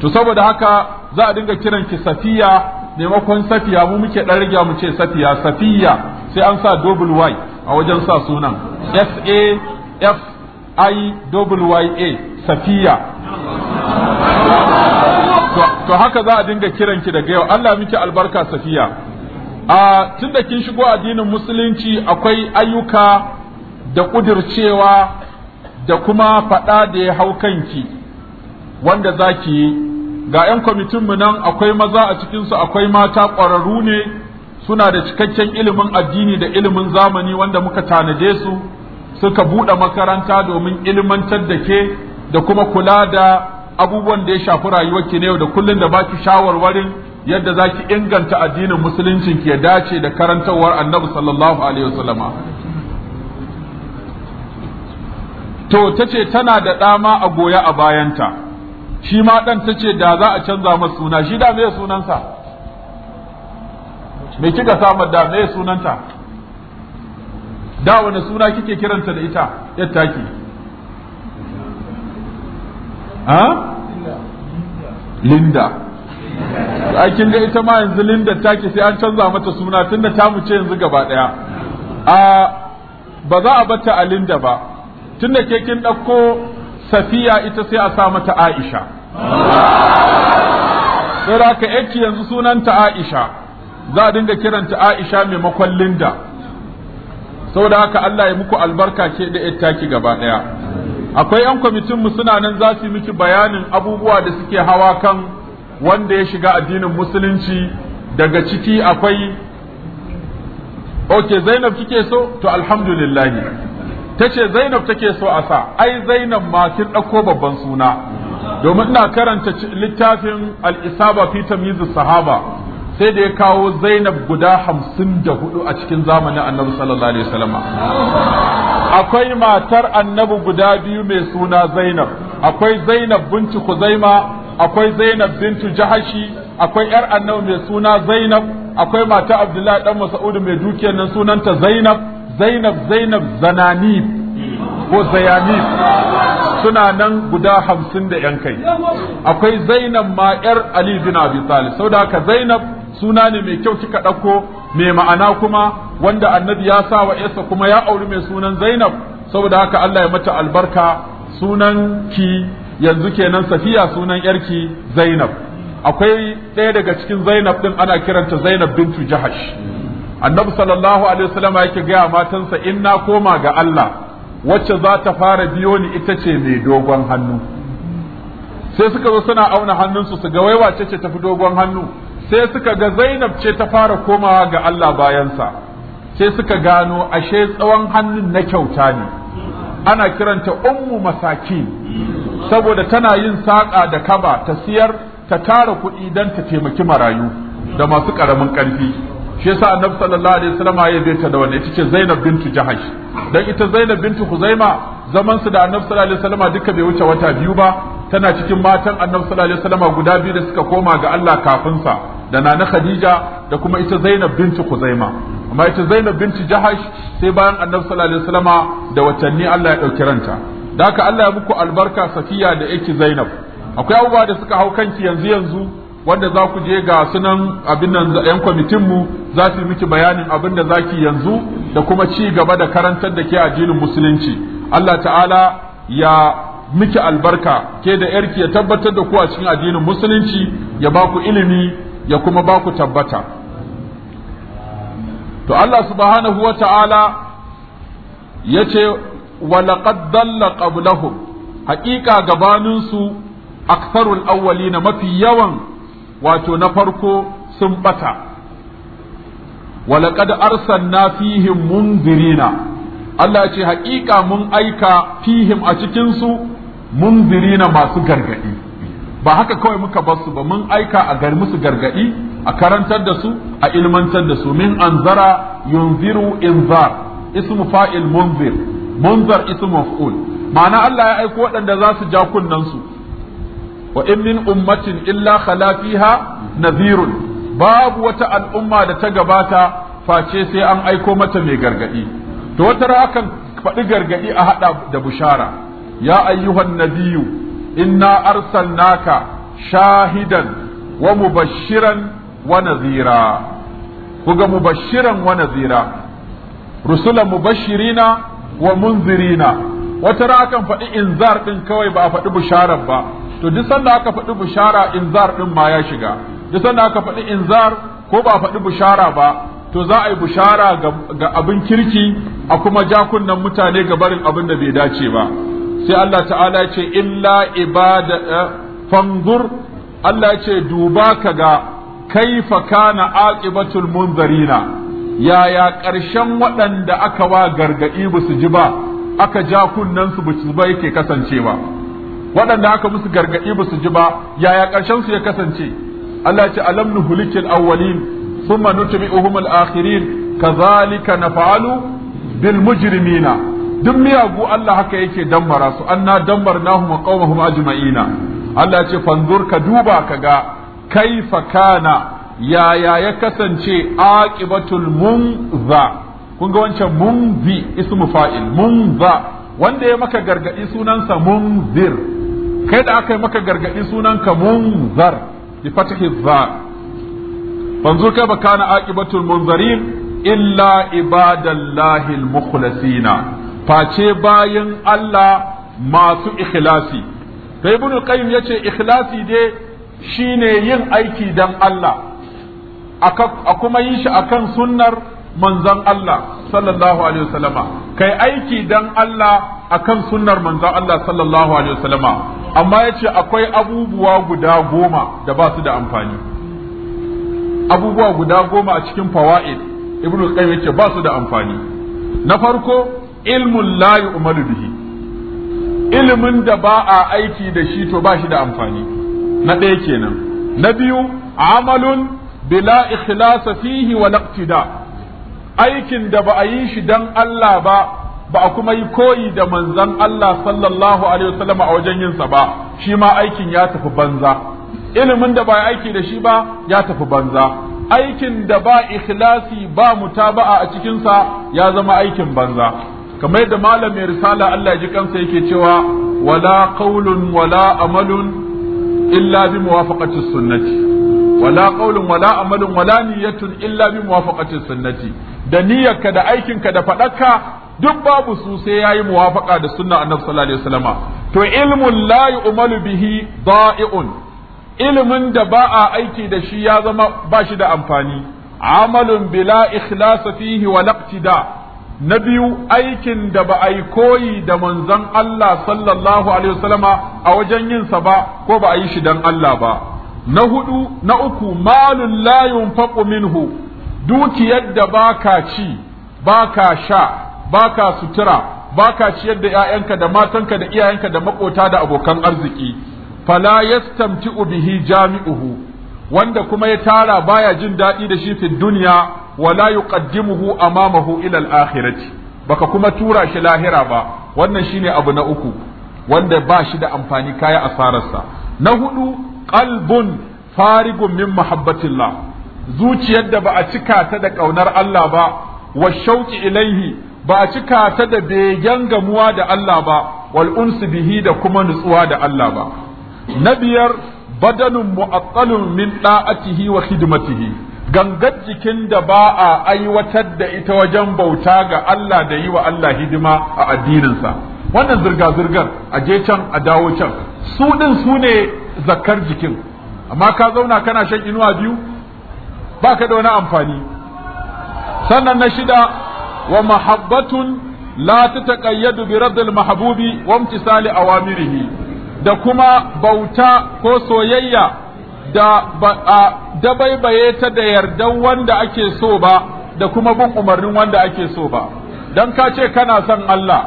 to saboda haka za a dinga kiran ki safiya maimakon safiya mu muke dan rage mu ce safiya safiya sai an sa double y a wajen sa sunan s a f i double y a safiya to haka za a dinga kiran ki daga yau Allah miki albarka safiya a tunda kin shigo addinin musulunci akwai ayyuka da kudircewa da kuma faɗa da ya hau kanki wanda za ki yi ga 'yan kwamitinmu nan akwai maza a cikinsu akwai mata ƙwararru ne suna da cikakken ilimin addini da ilimin zamani wanda muka tanade su suka buɗe makaranta domin ilimantar da ke da kuma kula da abubuwan da ya shafi ki ne da kullum da baki shawarwarin yadda za ki inganta addinin musuluncin ya dace da karantarwar annabi sallallahu alaihi wasallama to ta ce tana da ɗama a goya a bayanta shi ma ɗan ta ce da za a canza masa suna shi da me sunansa me kika samar da me sunanta da wani suna kike kiranta da ita yadda taki ha linda a kin ga ita ma yanzu linda taki sai an canza mata suna tunda ta mu ce yanzu gaba daya a ba za a bata a linda ba tunda ke kin ɗauko safiya ita sai a sa mata aisha sai haka yake yanzu sunanta aisha za a dinga kiranta aisha maimakon linda saboda haka Allah ya muku albarka ke da taki gaba ɗaya akwai 'yan mu suna nan za su yi miki bayanin abubuwa da suke hawa kan wanda ya shiga addinin musulunci daga ciki akwai ok zainab kike so to alhamdulillahi ta ce zainab take so a sa ai zainab ma kin ɗauko babban suna domin ina karanta littafin al'isaba fi tamyizu sahaba sai da ya kawo zainab guda hamsin da hudu a cikin zamanin annabi sallallahu alaihi wasallam akwai matar annabi guda biyu mai suna zainab akwai zainab bintu kuzaima akwai zainab bintu jahashi akwai yar annabi mai suna zainab akwai mata abdullahi dan mas'ud mai dukiyar nan sunanta zainab zainab zainab zananib ko zayanib suna nan guda hamsin da yan kai akwai zainab ma yar ali bin abi talib saboda haka zainab suna ne mai kyau kika ɗauko mai ma'ana kuma wanda annabi ya sa wa yarsa kuma ya auri mai sunan zainab saboda haka allah ya mata albarka sunan ki yanzu kenan safiya sunan yarki zainab akwai ɗaya daga cikin zainab ɗin ana kiranta zainab bintu jahash annabi sallallahu alaihi wasallam yake gaya matansa in koma ga Allah wacce za ta fara biyo ni ita ce mai dogon hannu sai suka zo suna auna hannunsu su ga wai wace ce tafi dogon hannu sai suka ga Zainab ce ta fara komawa ga Allah bayansa sai suka gano ashe tsawon hannun na kyauta ne ana kiranta ummu masaki saboda tana yin saƙa da kaba ta siyar ta tara kuɗi don ta taimaki marayu da masu ƙaramin ƙarfi shi yasa annabi sallallahu alaihi wasallam ya bita da wannan ita ce Zainab bintu Jahash dan ita Zainab bintu Khuzaima zaman su da annabi sallallahu alaihi wasallam duka bai wuce wata biyu ba tana cikin matan annabi sallallahu alaihi wasallam guda biyu da suka koma ga Allah kafin sa da nana Khadija da kuma ita Zainab bintu Khuzaima amma ita Zainab bintu Jahash sai bayan annabi sallallahu alaihi wasallam da watanni Allah ya dauki ranta da haka Allah ya muku albarka safiya da yake Zainab akwai abubuwa da suka hau kanki yanzu yanzu wanda za ku je ga sunan abin nan yan kwamitinmu za su yi miki bayanin abin da zaki yanzu da kuma ci gaba da karantar da ke addinin musulunci Allah ta'ala ya miki albarka ke da yarki ya tabbatar da ku a cikin addinin musulunci ya ba ku ilimi ya kuma ba ku tabbata to Allah subhanahu wa ta'ala ya ce walaƙad dalla qablahum haƙiƙa gabaninsu aktharul awwalina mafi yawan wato na farko sun bata walaƙad arsalna fihim munzirina Allah ce haƙiƙa mun aika fihim a cikinsu munzirina masu gargaɗi ba haka kawai muka basu ba mun aika a gar musu gargaɗi a karantar da su a ilmantar da su min anzara yunziru inzar ismu fa'il munzir munzar ismu maf'ul ma'ana Allah ya aiko waɗanda za su ja kunnansu wa in ummatin illa khala fiha nadhirun babu wata al'umma da ta gabata face sai an aiko mata mai gargaɗi. to wata rakan faɗi gargaɗi a haɗa da bushara ya ayyuhan nabiyyu inna arsalnaka shahidan wa mubashiran wa nadhira kuga mubashiran wa nadhira rusula mubashirina wa munzirina wata rakan faɗi inzar ɗin kawai ba a faɗi bisharar ba to duk sanda aka faɗi bushara inzar ɗin ma ya shiga duk sanda aka faɗi inzar ko ba faɗi bushara ba to za a yi bushara ga abin kirki a kuma jakunan mutane ga barin abin da bai dace ba sai Allah ta'ala ya ce illa ibada eh, fangur Allah ya ce duba ka ga kaifa kana aqibatul munzarina yaya ƙarshen waɗanda aka wa gargaɗi ba su ji ba aka ja kunnen su ba yake kasancewa waɗanda aka musu gargaɗi ba su ji ba yaya ƙarshen su ya kasance Allah ce alam nuhulikil awwalin thumma nutbi'uhum al-akhirin kadhalika naf'alu bil mujrimina duk miyagu Allah haka yake dambara su anna dambarnahum wa qaumahum ajma'ina Allah ce fanzur ka duba ka ga kaifa kana yaya ya kasance aqibatul munza kun ga wancan munzi ismu fa'il munza wanda ya maka gargaɗi sunansa munzir kai da aka yi maka gargaɗi sunanka munzar bi fatihi za fanzur kai ba kana aqibatul munzarin illa ibadallahi almukhlasina face bayan Allah masu ikhlasi sai ibn qayyim yace ikhlasi dai shine yin aiki dan Allah a kuma yin shi akan sunnar Manzan Allah sallallahu alaihi wasallama kai aiki dan Allah akan sunnar manzon Allah sallallahu alaihi wasallama amma yace akwai abubuwa guda goma da ba su da amfani abubuwa guda goma a cikin fawaid ibnu qayyim yace ba su da amfani na farko ilmun la yu'malu bihi ilimin da ba a aiki da shi to ba shi da amfani na ɗaya kenan na biyu amalun bila ikhlasa fihi wa laqtida aikin da ba a yi shi dan Allah ba ba a kuma yi koyi da manzon Allah sallallahu alaihi wasallam a wajen yinsa ba shi ma aikin ya tafi banza ilimin da ba aiki da shi ba ya tafi banza aikin da ba ikhlasi ba mutaba'a a cikinsa ya zama aikin banza kamar yadda malamai risala Allah ji kansa yake cewa wala qaulun wala amalun illa bi muwafaqati sunnati wala qaulun wala amalun wala niyyatun illa bi muwafaqati sunnati da niyyarka da aikinka da faɗarka duk babu su sai yayi muwafaƙa da sunna annabi sallallahu alaihi wasallama to ilmun la yu'malu bihi da'i'un ilmin da ba a aiki da shi ya zama ba shi da amfani amalun bila ikhlasa fihi wa laqtida na biyu aikin da ba a yi koyi da manzon Allah sallallahu alaihi wasallama a wajen yin sa ba ko ba a yi shi dan Allah ba na hudu na uku malun la yunfaqu minhu dukiyar da baka ci baka sha baka sutura baka ciyar da 'ya'yanka da matanka da iyayenka da makota da abokan arziki fala yastamti'u bihi jami'uhu wanda kuma ya tara baya jin daɗi da shi fi duniya wala yuqaddimuhu amamahu ila al-akhirati baka kuma tura shi lahira ba wannan shine abu na uku wanda ba shi da amfani kaya asararsa na hudu qalbun farigun min mahabbatillah zuciyar da ba a cika ta da ƙaunar Allah ba wa shauƙi ilaihi ba a cika ta da begen gamuwa da Allah ba wal unsu bihi da kuma nutsuwa da Allah ba na biyar badanun mu'attalun min da'atihi wa khidmatihi gangar jikin da ba a aiwatar da ita wajen bauta ga Allah da yi wa Allah hidima a addininsa wannan zirga-zirgar a je can a dawo can su ɗin su ne zakar jikin amma ka zauna kana shan inuwa biyu baka da wani amfani sannan na shida wa mahabbatun la tataqayyadu bi raddil mahbubi wa imtisali awamirihi da kuma bauta ko soyayya da ba dabaibaye ta da yardan wanda ake so ba da kuma bin umarnin wanda ake so ba dan ka ce kana son Allah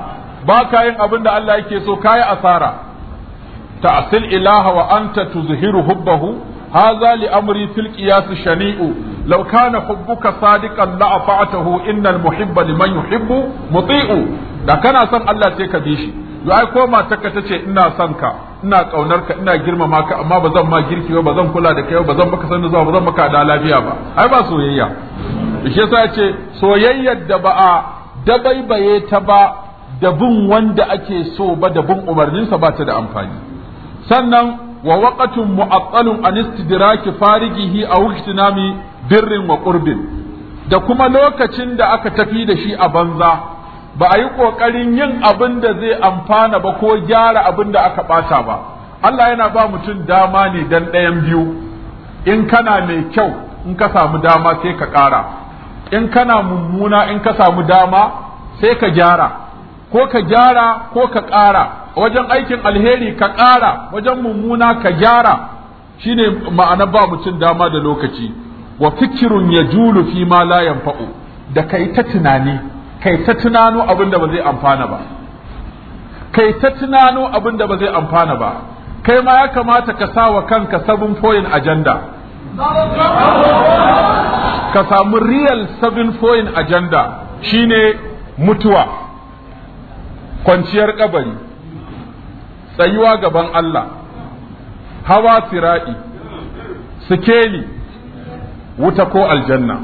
ba ka yin abin da Allah yake so kayi asara ta'sil ilaha wa anta tuzhiru hubbahu هذا li amri القياس shani'u كان حبك صادقا sadiqan la afa'tahu innal muhibba liman da kana son Allah sai ka bi shi to ai ko matarka tace ina son ka ina kaunar ka ina girmama ka amma ba zan ma girki ba zan kula da kai ba zan maka sanin zuwa ba zan maka da lafiya ba ai ba soyayya shi yasa ce soyayyar da ba a dabaibaye ta ba da bin wanda ake so ba da bin umarninsa ba ta da amfani sannan wa waqatun mu'attalun an istidraki a aw ihtinami birrin wa qurbin da kuma lokacin da aka tafi da shi a banza ba a yi ƙoƙarin yin abin da zai amfana ba ko gyara abin da aka ɓata ba Allah yana ba mutum dama ne dan ɗayan biyu in kana mai kyau in ka samu dama sai ka ƙara in kana mummuna in ka samu dama sai ka gyara ko ka gyara ko ka ƙara wajen aikin alheri ka ƙara wajen mummuna ka gyara shine ma'ana ba mutum dama da lokaci wa fikirun ya julu fi ma la yanfa'u da kai ta tunani kai ta tunano abin da ba zai amfana ba kai ta tunano abin da ba zai amfana ba kai ma ya kamata ka sa wa kanka sabon point agenda ka samu real seven point agenda shine mutuwa kwanciyar ƙabari. tsayuwa gaban Allah hawa sira'i sikeli wuta ko aljanna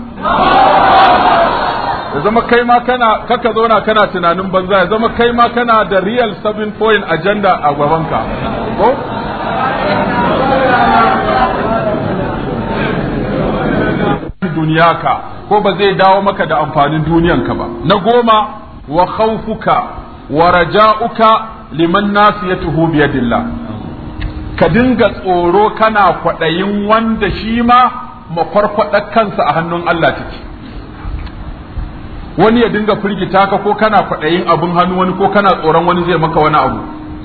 ya zama kai ma kana kaka zauna kana tunanin banza ya zama kai ma kana da real seven point agenda a gabanka ko duniyaka ko ba zai dawo maka da amfanin duniyanka ba na goma wa khawfuka wa raja'uka liman nasiyatuhu biyadillah ka dinga tsoro kana kwaɗayin wanda shi ma makwarkwaɗar kansa a hannun Allah take wani ya dinga firgita ka ko kana kwaɗayin abin hannu wani ko kana tsoron wani zai maka wani abu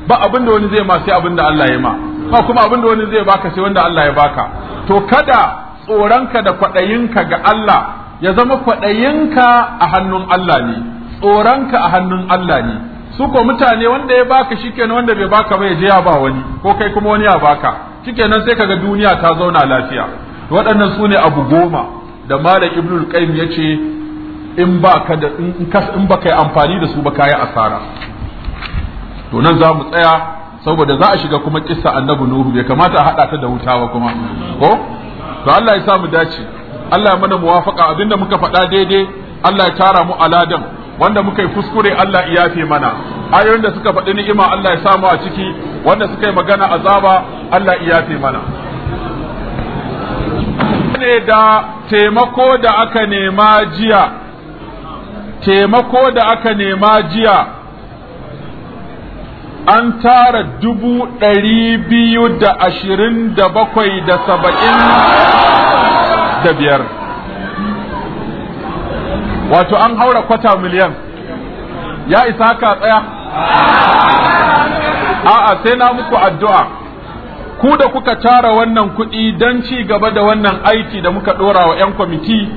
ba abin da wani zai ma sai abin da Allah ya ma ba kuma abin da wani zai baka sai wanda Allah ya baka to kada tsoronka da kwaɗayinka ga Allah ya zama kwaɗayinka a hannun Allah ne tsoronka a hannun Allah ne su ko mutane wanda ya baka shikenan wanda bai baka ba ya je ya ba wani ko kai kuma wani ya baka shikenan sai kaga duniya ta zauna lafiya waɗannan su ne abu goma da Malik ibnul qayyim yace in baka da in ka in baka yi amfani da su ba kai asara to nan za mu tsaya saboda za a shiga kuma kissa annabi nuhu bai kamata a hada ta da wuta ba kuma ko to Allah ya sa mu dace Allah ya mana muwafaka abinda muka faɗa daidai Allah ya tara mu aladan wanda muka yi kuskure Allah ya yafe mana ayoyin da suka faɗi ni'ima Allah ya samu a ciki wanda suka yi magana azaba Allah ya fi mana ne da taimako da aka nema jiya taimako da aka nema jiya an tara dubu ɗari biyu da ashirin da bakwai da saba'in da biyar wato an haura kwata miliyan ya isa haka tsaya a'a sai na muku addu'a ku da kuka tara wannan kuɗi don ci gaba da wannan aiki da muka ɗora wa 'yan kwamiti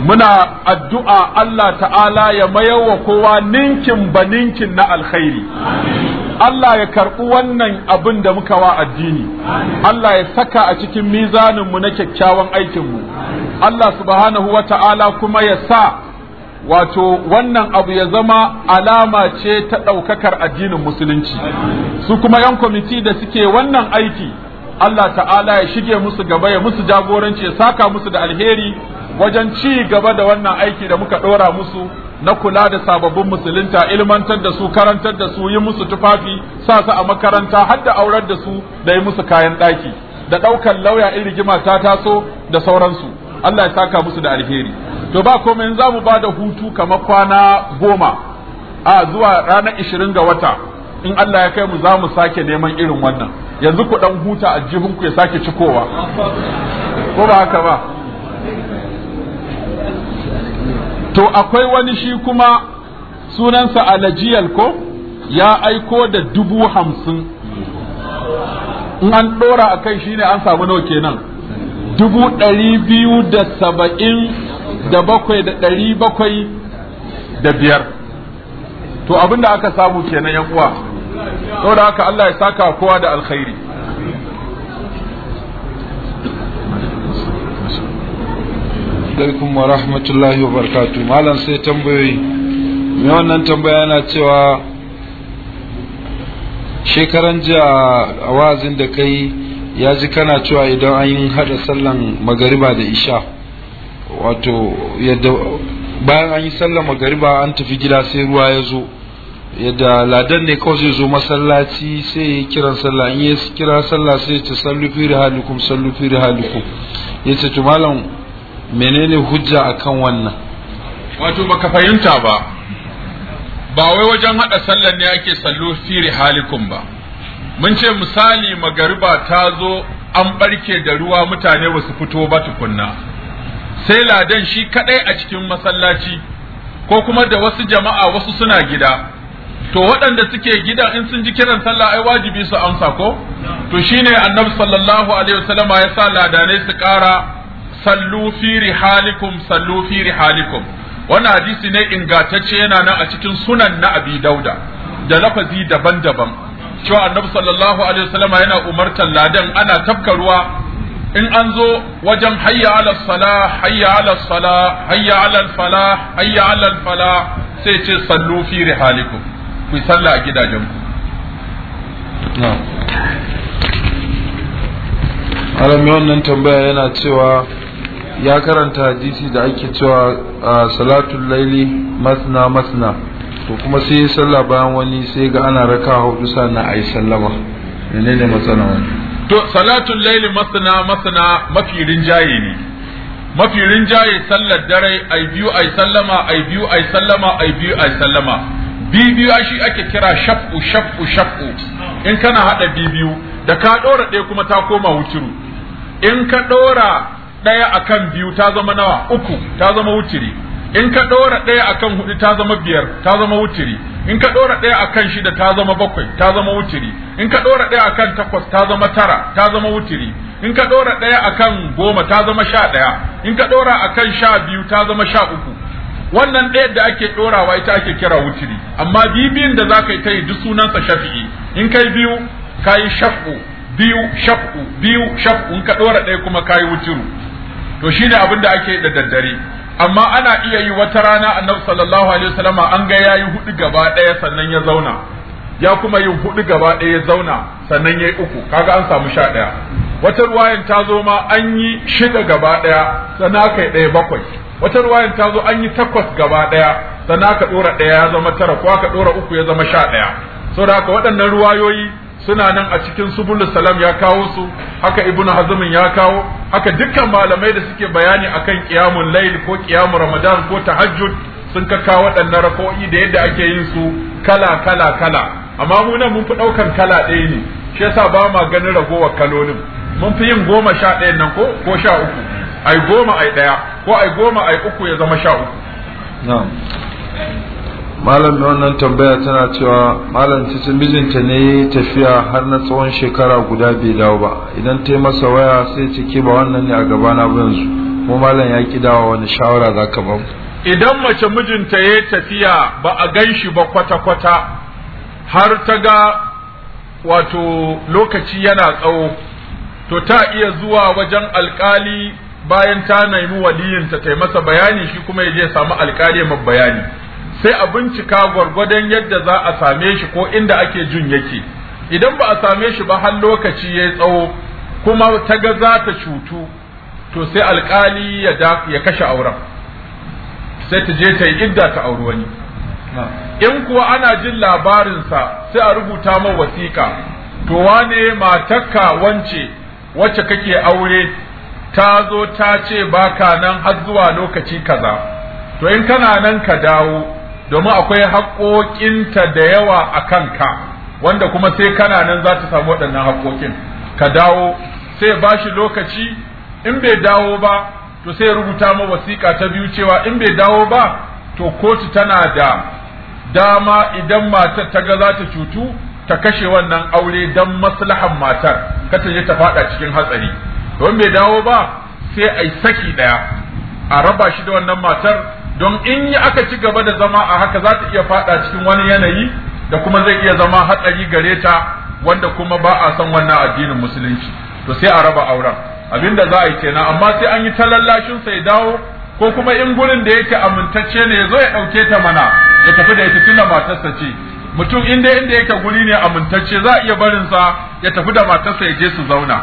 muna addu'a Allah ta'ala ya mayawa kowa ninkin ba ninkin na alkhairi Allah ya karɓi wannan abin da muka wa addini Allah ya saka a cikin mizaninmu na kyakkyawan aikinmu Allah subhanahu wa ta'ala kuma ya sa wato wannan abu ya zama alama ce ta ɗaukakar addinin musulunci su kuma 'yan kwamiti da suke wannan aiki Allah ta'ala ya shige musu gaba ya musu jagoranci ya saka musu da alheri wajen ci gaba da wannan aiki da muka ɗora musu na kula da sababbin musulunta ilmantar da su karantar da su yi musu tufafi sa su a makaranta har da aurar da su da yi musu kayan ɗaki da ɗaukar lauya in rigima ta taso da sauransu Allah ya saka musu da alheri to ba komai za mu ba da hutu kamar kwana goma a zuwa ranar ishirin ga wata in Allah ya kai mu za mu sake neman irin wannan yanzu ku ɗan huta a jihunku ya sake cikowa ko ba haka ba to akwai wani shi kuma sunansa alajiyal ko ya aiko da dubu hamsin in an ɗora a kai shine an samu nawa kenan dubu ɗari biyu da saba'in da bakwai da ɗari bakwai da biyar to abinda aka samu kenan yan uwa saboda haka Allah ya saka kowa da alkhairi alaikum wa rahmatullahi wa barakatuh malam sai tambayoyi mai wannan tambaya yana cewa shekaran jiya a wazin da kai ya ji kana cewa idan an yi hada sallan magariba da isha wato yadda bayan an yi sallan magariba an tafi gida sai ruwa ya zo yadda ladan ne kawai zai zo masallaci sai ya kiran sallah in ya kira sallah sai ya ce sallu fi rihalikum sallu fi rihalikum ya ce to malam menene hujja akan wannan wato baka fahimta ba ba wai wajen hada sallar ne ake sallo fi halikum ba mun ce misali magariba ta zo an barke da ruwa mutane ba su fito ba tukunna sai ladan shi kadai a cikin masallaci ko kuma da wasu jama'a wasu suna gida to waɗanda suke gida in sun ji kiran sallah ai wajibi su amsa ko to shine annabi sallallahu alaihi wasallama ya sa ladanai su ƙara sallu fi rihalikum sallu fi rihalikum wannan hadisi ne ingantacce yana nan a cikin sunan na abi dauda da lafazi daban-daban cewa annabi sallallahu alaihi wasallam yana umartar ladan ana tafka ruwa in an zo wajen hayya ala sala hayya ala sala hayya ala fala hayya ala fala sai ce sallu fi rihalikum ku salla a gidajenku na'am wannan tambaya yana cewa ya karanta hadisi da ake cewa salatul laili matna matna to kuma sai ya salla bayan wani sai ga ana raka hudu sannan ai sallama menene masana wani to salatul laili matna matna mafi rinjaye ne mafi rinjaye sallar dare ai biyu ai sallama ai biyu ai sallama ai biyu ai sallama bibiyu shi ake kira shaf'u shaf'u shaf'u in kana hada bibiyu da ka dora ɗaya kuma ta koma wuturu in ka dora ɗaya akan biyu ta zama nawa uku ta zama wutiri in ka ɗora ɗaya akan hudu ta zama biyar ta zama wutiri in ka ɗora ɗaya akan shida ta zama bakwai ta zama wutiri in ka ɗora ɗaya akan takwas ta zama tara ta zama wutiri in ka ɗora ɗaya akan goma ta zama sha ɗaya in ka ɗora akan sha biyu ta zama sha uku wannan ɗaya da ake ɗorawa ita ake kira wutiri amma bibiyin da za ka yi ta yi duk sunansa shafi'i in kai biyu ka yi shaf'u biyu shaf'u biyu shaf'u in ka ɗora ɗaya kuma ka yi to shine abin da ake da daddare amma ana iya yi wata rana annabi sallallahu alaihi wasallam an ga yayi hudu gaba ɗaya sannan ya zauna ya kuma yi hudu gaba daya ya zauna sannan yayi uku kaga an samu sha ɗaya wata ruwayan ta zo ma an yi shida gaba ɗaya sannan kai ɗaya bakwai wata ruwayan ta zo an yi takwas gaba ɗaya sannan ka ɗora ɗaya ya zama tara ko ka ɗora uku ya zama sha ɗaya saboda haka waɗannan ruwayoyi suna nan a cikin subulus salam ya kawo su haka ibn hazmin ya kawo haka dukkan malamai da suke bayani akan qiyamul layl ko qiyamul ramadan ko tahajjud sun ka kawo waɗannan rako'i da yadda ake yin su kala kala kala amma mu nan mun fi ɗaukan kala ɗaya ne shi yasa ba ma ganin ragowar kalolin mun fi yin goma sha ɗayan nan ko ko sha uku ai goma ai ɗaya ko ai goma ai uku ya zama sha uku na'am malam da wannan tambaya tana cewa malam cikin mijinta ne tafiya har na tsawon shekara guda bai dawo ba idan ta yi masa waya sai cike ba wannan ne a gabana ba yanzu ko malam ya ki dawa wani shawara za ka ba idan mace mijinta ya tafiya ba a gan shi ba kwata-kwata har ta ga wato lokaci yana tsawo to ta iya zuwa wajen alkali bayan ta nemi waliyinta ta yi masa bayani shi kuma ya je samu alkali ya bayani sai a bincika gwargwadon yadda za a same shi ko inda ake jin yake idan ba a same shi ba har lokaci ya tsawo kuma ta ga za ta cutu to sai alkali ya ya kashe auren sai ta je ta yi idda ta auri wani in kuwa ana jin labarinsa sai a rubuta man wasiƙa to wane matakka wance wacce kake aure ta zo ta ce baka nan har zuwa lokaci kaza to in kana nan ka dawo domin akwai haƙoƙinta da yawa a kanka wanda kuma sai kana nan za ta samu waɗannan haƙoƙin ka dawo sai ba shi lokaci in bai dawo ba to sai rubuta ma wasiƙa ta biyu cewa in bai dawo ba to kotu tana da dama idan matar ta ga za ta cutu ta kashe wannan aure don maslahan matar kata je ta faɗa cikin hatsari to in bai dawo ba sai a yi saki ɗaya a raba shi da wannan matar don in aka ci gaba da zama a haka za ta iya fada cikin wani yanayi da kuma zai iya zama hatsari gare ta wanda kuma ba a san wannan addinin musulunci to sai a raba auren abinda za a yi kenan amma sai an yi ta lallashin sai dawo ko kuma in gurin da yake amintacce ne ya zo ya ɗauke ta mana ya tafi da ita tunda matarsa ce mutum inda inda yake guri ne amintacce za a iya barinsa ya tafi da matarsa ya je su zauna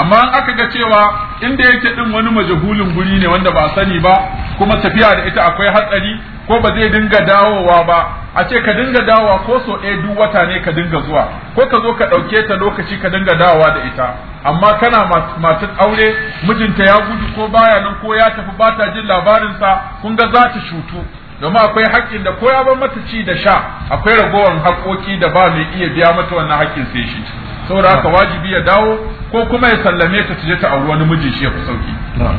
amma aka ga cewa inda yake din wani majahulin guri ne wanda ba sani ba kuma tafiya da ita akwai hatsari ko ba zai dinga dawowa ba a ce ka dinga dawowa ko so ɗaya duk wata ne ka dinga zuwa ko ka zo ka ɗauke ta lokaci ka dinga dawowa da ita amma kana matar aure mijinta ya gudu ko baya nan ko ya tafi ba ta jin labarinsa kun ga za ta shutu domin akwai haƙƙin da ko ya bar mata ci da sha akwai ragowar haƙƙoƙi da ba mai iya biya mata wannan haƙƙin sai shi saboda haka wajibi ya dawo ko kuma ya sallame ta tije ta auri wani miji shi ya fi sauki malam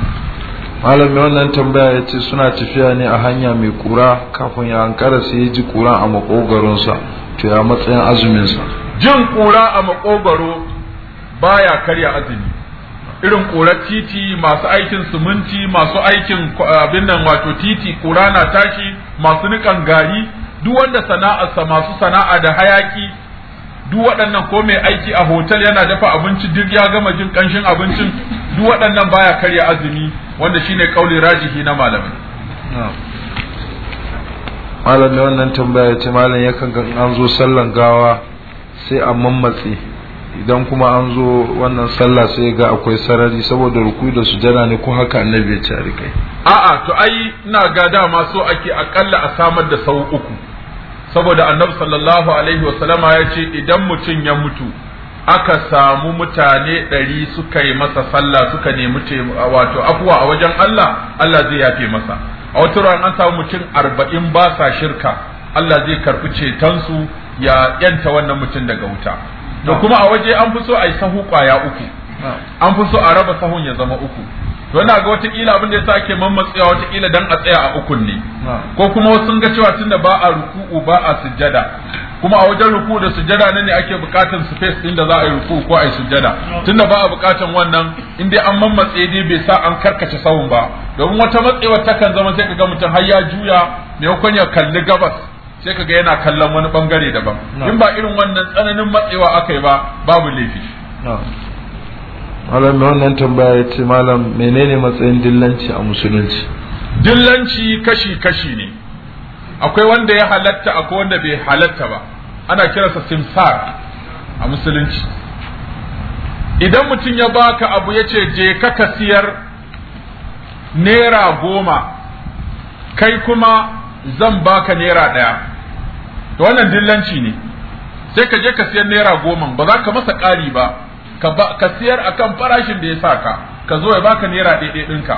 mai wannan tambaya ya ce suna tafiya ne a hanya mai kura kafin ya hankara sai ya ji kura a makogaronsa to ya matsayin azuminsa jin kura a makogaro baya karya azumi irin kura titi masu aikin siminti masu aikin abin nan wato titi kura na tashi masu nikan gari duk wanda sana'arsa masu sana'a da hayaki duk waɗannan ko mai aiki a hotel yana dafa abinci duk ya gama jin ƙanshin abincin duk waɗannan baya karya azumi wanda shine kauli rajihi na malamin malam ne wannan tambaya ce malam yakan ga an zo sallan gawa sai a mammatse idan kuma an zo wannan sallah sai ga akwai sarari saboda ruku da sujada ne ko haka annabi ya ci a'a to ai ina ga dama so ake akalla a samar da sau uku saboda annabi sallallahu alaihi wasallama ya ce idan mutum ya mutu aka samu mutane ɗari suka yi masa sallah suka nemi wato afuwa a wajen Allah Allah zai yafe masa a wata ran an samu mutum arba'in ba sa shirka Allah zai karɓi cetonsu ya yanta wannan mutum daga wuta da kuma a waje an fi so a yi sahu ƙwaya uku an fi so a raba sahun ya zama uku to ina ga watakila abin da yasa ake mammatsewa watakila dan a tsaya a ukun ne ko kuma sun ga cewa tunda ba a ruku'u ba a sujjada kuma a wajen ruku da sujjada nan ne ake bukatar space din da za a yi ruku ko a yi sujjada tunda ba a buƙatar wannan in dai an mammatse dai bai sa an karkace sahun ba domin wata matsewa kan zama sai kaga mutum har ya juya maimakon ya kalli gabas sai kaga yana kallon wani bangare daban in ba irin wannan tsananin matsewa aka yi ba babu laifi malamin wannan tambaya ya ce malam menene matsayin dillanci a musulunci dillanci kashi-kashi ne akwai wanda ya halatta akwai wanda bai halatta ba ana kiransa simsar a musulunci idan mutum ya baka abu ya ce je kaka siyar naira goma kai kuma zan baka naira ɗaya wannan dillanci ne sai ka je ka siyar naira goma ba za ka masa ƙari ba ka siyar a kan farashin da ya sa ka ka zo ya baka naira ɗaiɗai ɗinka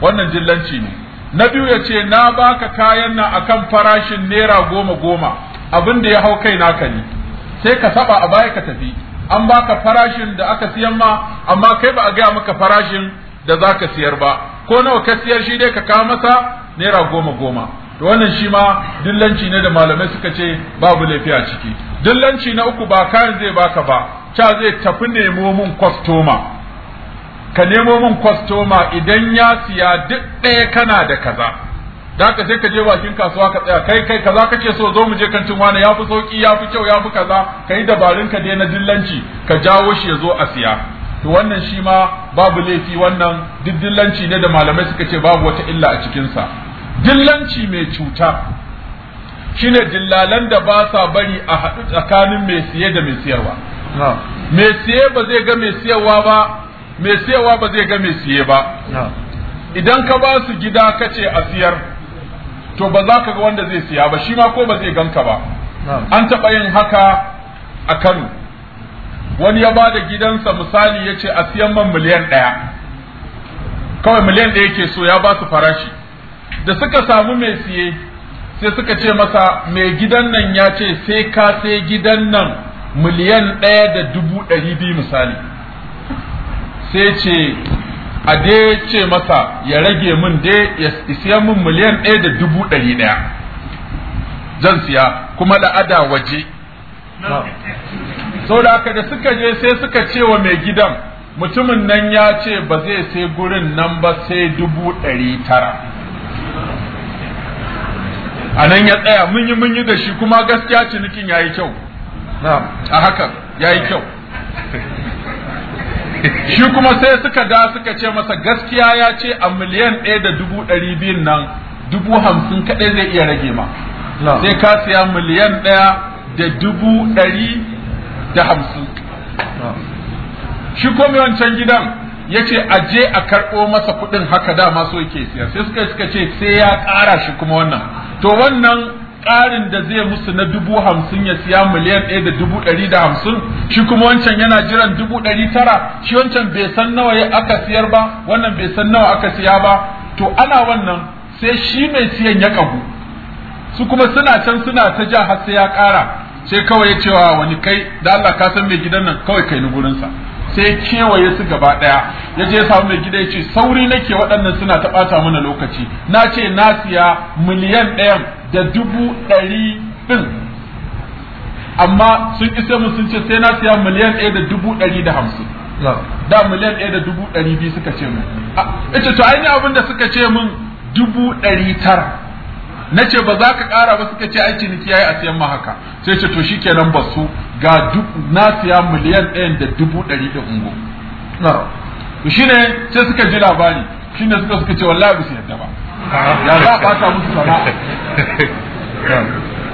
wannan jillanci ne na biyu ya ce na baka kayan nan kan farashin naira goma goma abin da ya hau kai naka ne sai ka saba a baya ka tafi an baka farashin da aka siyan ma amma kai ba a gaya maka farashin da za ka siyar ba ko nawa ka siyar shi dai ka kawo masa naira goma goma to wannan shi ma dillanci ne da malamai suka ce babu laifi a ciki dillanci na uku ba kayan zai baka ba cha zai tafi nemo mun kwastoma ka nemo mun kwastoma idan ya siya duk ɗaya kana da kaza da ka sai ka je bakin kasuwa ka tsaya kai kai kaza kace so zo mu je kantin wani yafi sauki yafi kyau yafi kaza kai dabarun ka dai na dillanci ka jawo shi ya zo a siya to wannan shi ma babu laifi wannan dillanci ne da malamai suka ce babu wata illa a cikinsa dillanci mai cuta shine dillalan da ba sa bari a haɗu tsakanin mai siye da mai siyarwa mai siye ba zai ga mai siyarwa ba mai siyarwa ba zai ga mai siye ba idan ka ba su gida ka ce a siyar to ba za ka ga wanda zai siya ba shi ma ko ba zai ganka ba an taɓa yin haka a kano wani ya ba da gidansa misali ya ce a siyan man miliyan ɗaya kawai miliyan ɗaya ke so ya ba su farashi da suka samu mai siye sai suka ce masa mai gidan nan ya ce sai ka sai gidan nan miliyan ɗaya da dubu ɗari biyu misali sai ce a dai ce masa ya rage min dai ya siya min miliyan ɗaya da dubu ɗari ɗaya zan siya kuma da ada waje sau da aka da suka je sai suka ce wa mai gidan mutumin nan ya ce ba zai sai gurin nan ba sai dubu ɗari tara a nan ya tsaya mun yi mun yi da shi kuma gaskiya cinikin ya yi kyau a haka ya yi kyau <laughs> shi kuma sai suka ga suka ce masa gaskiya ya ce a miliyan ɗaya da dubu ɗari biyun nan dubu hamsin kaɗai zai iya rage ma sai ka siya miliyan ɗaya da dubu ɗari da hamsin shi kuma wancan gidan Ya ce a je a karɓo masa kuɗin haka dama so yake siya sai suka suka ce sai ya ƙara shi kuma wannan to wannan ƙarin da zai musu na dubu hamsin ya siya miliyan ɗaya da dubu ɗari da hamsin shi kuma wancan yana jiran dubu ɗari tara shi wancan bai san nawa aka siyar ba wannan bai san nawa aka siya ba to ana wannan sai shi mai siyan ya ƙagu su kuma suna can suna ta ja har sai ya ƙara sai kawai ya cewa wani kai da Allah ka san mai gidan nan kawai kai ni gurinsa sai kewaye su gaba daya ya je samu mai gida ya ce sauri nake waɗannan suna ta ɓata mana lokaci na ce na siya miliyan ɗayan da dubu ɗari ɗin amma sun isa mu sun ce sai na siya miliyan ɗaya da dubu ɗari da hamsin da miliyan ɗaya da dubu ɗari biyu suka ce min ita to ainihin abin da suka ce min dubu ɗari tara Nace ce ba za ka ƙara ba suka ce ai ciniki yi a siyan ma haka sai ce to shikenan ba su ga na siya miliyan ɗayan da dubu ɗari da ungo to shine sai suka ji labari shine suka suka ce wallahi ba su yadda ba ya za a ɓata musu sana'a <laughs>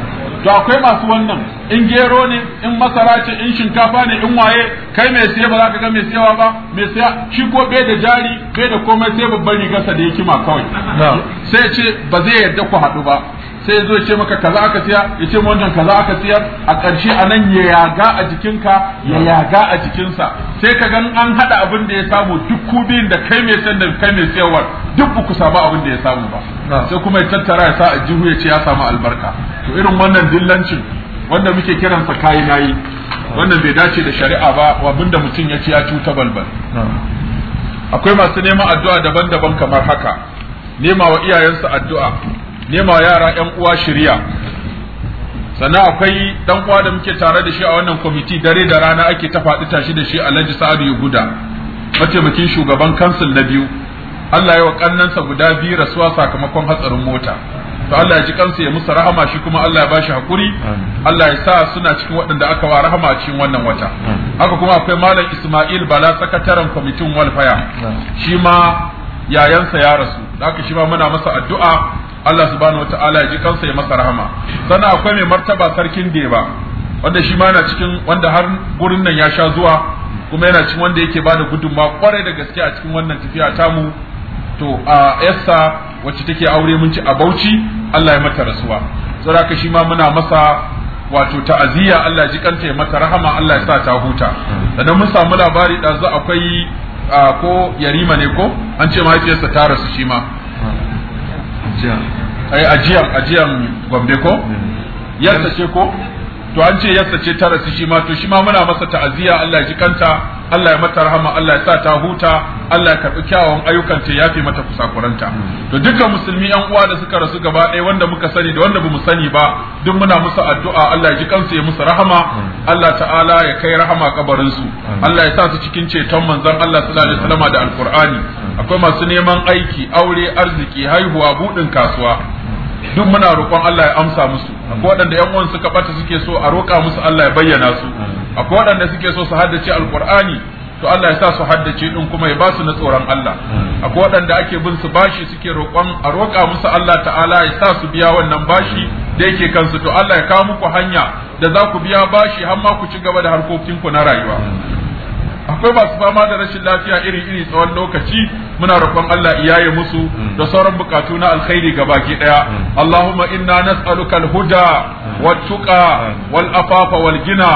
to akwai masu wannan in gero ne in masara ce in shinkafa ne in waye kai mai siya ba za ka ga mai siyawa ba mai siya shi ko bai da jari bai da komai sai babban rigarsa da ya kima kawai sai ce ba zai yarda ku haɗu ba sai ya zo ya ce maka kaza aka siyar ya ce wannan kaza aka siyar a ƙarshe a nan ya yaga a jikinka ya yaga a jikinsa sai ka gan an haɗa abin da ya samu duk kubin da kai mai sanda da kai mai siyarwar duk ba ku samu abin da ya samu ba sai kuma ya tattara ya sa a jihu ya ce ya samu albarka to irin wannan dillancin wanda muke kiransa kayi nayi wannan bai dace da shari'a ba abinda mutum ya ci ya cuta balbal akwai masu neman addu'a daban-daban kamar haka nema wa iyayensu addu'a nema yara yan uwa shirya sannan akwai ɗan uwa da muke tare da shi a wannan kwamiti dare da rana ake ta faɗi tashi da shi a Alhaji Sa'adu guda mataimakin shugaban kansil na biyu Allah ya wa ƙannansa guda biyu rasuwa sakamakon hatsarin mota to Allah ya ji kansa ya musu rahama shi kuma Allah ya bashi hakuri Allah ya sa suna cikin waɗanda aka wa rahama a cikin wannan wata haka kuma akwai malam Ismail Bala sakataren kwamitin walfaya shi ma yayansa ya rasu haka shi ma muna masa addu'a Allah subhanahu wataala ya ji kansa ya masa rahama sannan akwai mai martaba sarkin Deba wanda shi ma yana cikin wanda har gurin nan ya sha zuwa kuma yana cikin wanda yake bada gudunmawa kwarai da gaske a cikin wannan tafiya tamu to a yassa wacce take aure mun ci a Bauchi Allah ya mata rasuwa saboda shi ma muna masa wato ta'aziyya Allah ji kanta ya mata rahama Allah ya sa ta huta sannan mun samu labari ɗazu akwai a ko yarima ne ko an ce mahaifiyarsa ta rasu shi ma ajiyan eh, ajiyan gombe ko hmm. yarsa ce ko to an ce yassa ce ta rasu shi ma to shi ma muna masa ta'aziyya Allah ya ji kanta Allah ya mata rahama Allah ya sa ta huta Allah ya karbi kyawawan ayyukan ta yafi mata kusakuranta to dukkan musulmi yan uwa da suka rasu gaba ɗaya wanda muka sani da wanda bamu sani ba duk muna musu addu'a Allah ya ji kansu ya musu rahama Allah ta'ala ya kai rahama kabarin su Allah ya sa su cikin ceton manzon Allah sallallahu alaihi wasallam da alqur'ani akwai masu neman aiki aure arziki haihuwa budin kasuwa duk muna roƙon Allah ya amsa musu akwai waɗanda ƴan uwan suka bata suke so a roƙa musu Allah ya bayyana su akwai waɗanda suke so su haddace alqur'ani to Allah ya sa su haddace din kuma ya ba su na tsoron Allah akwai waɗanda ake bin su bashi suke roƙon a roƙa musu Allah ta'ala ya sa su biya wannan bashi da yake kansu to Allah ya kawo muku hanya da za ku biya bashi har ma ku ci gaba da harkokinku na rayuwa akwai masu fama da rashin lafiya iri iri tsawon lokaci muna roƙon Allah iyaye musu mm. da sauran bukatu na alkhairi ga daya mm. mm. Allahumma inna nas'aluka al-huda wat-tuqa wal-afafa wal-gina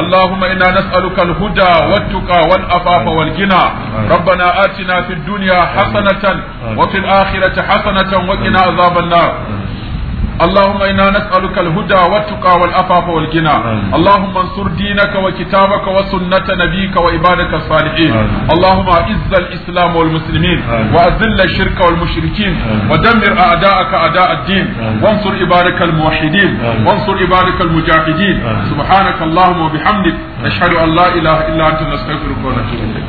Allahumma inna nas'aluka al-huda wat-tuqa wal-afafa wal-gina ربنا آتنا في الدنيا حسنة وفي الآخرة حسنة وقنا عذاب النار اللهم إنا نسألك الهدى والتقى والعفاف والغنى اللهم انصر دينك وكتابك وسنة نبيك وعبادك الصالحين اللهم أعز الإسلام والمسلمين وأذل الشرك والمشركين ودمر أعداءك أعداء الدين وانصر عبادك الموحدين وانصر عبادك المجاهدين سبحانك اللهم وبحمدك نشهد أن لا إله إلا أنت نستغفرك ونتوب إليك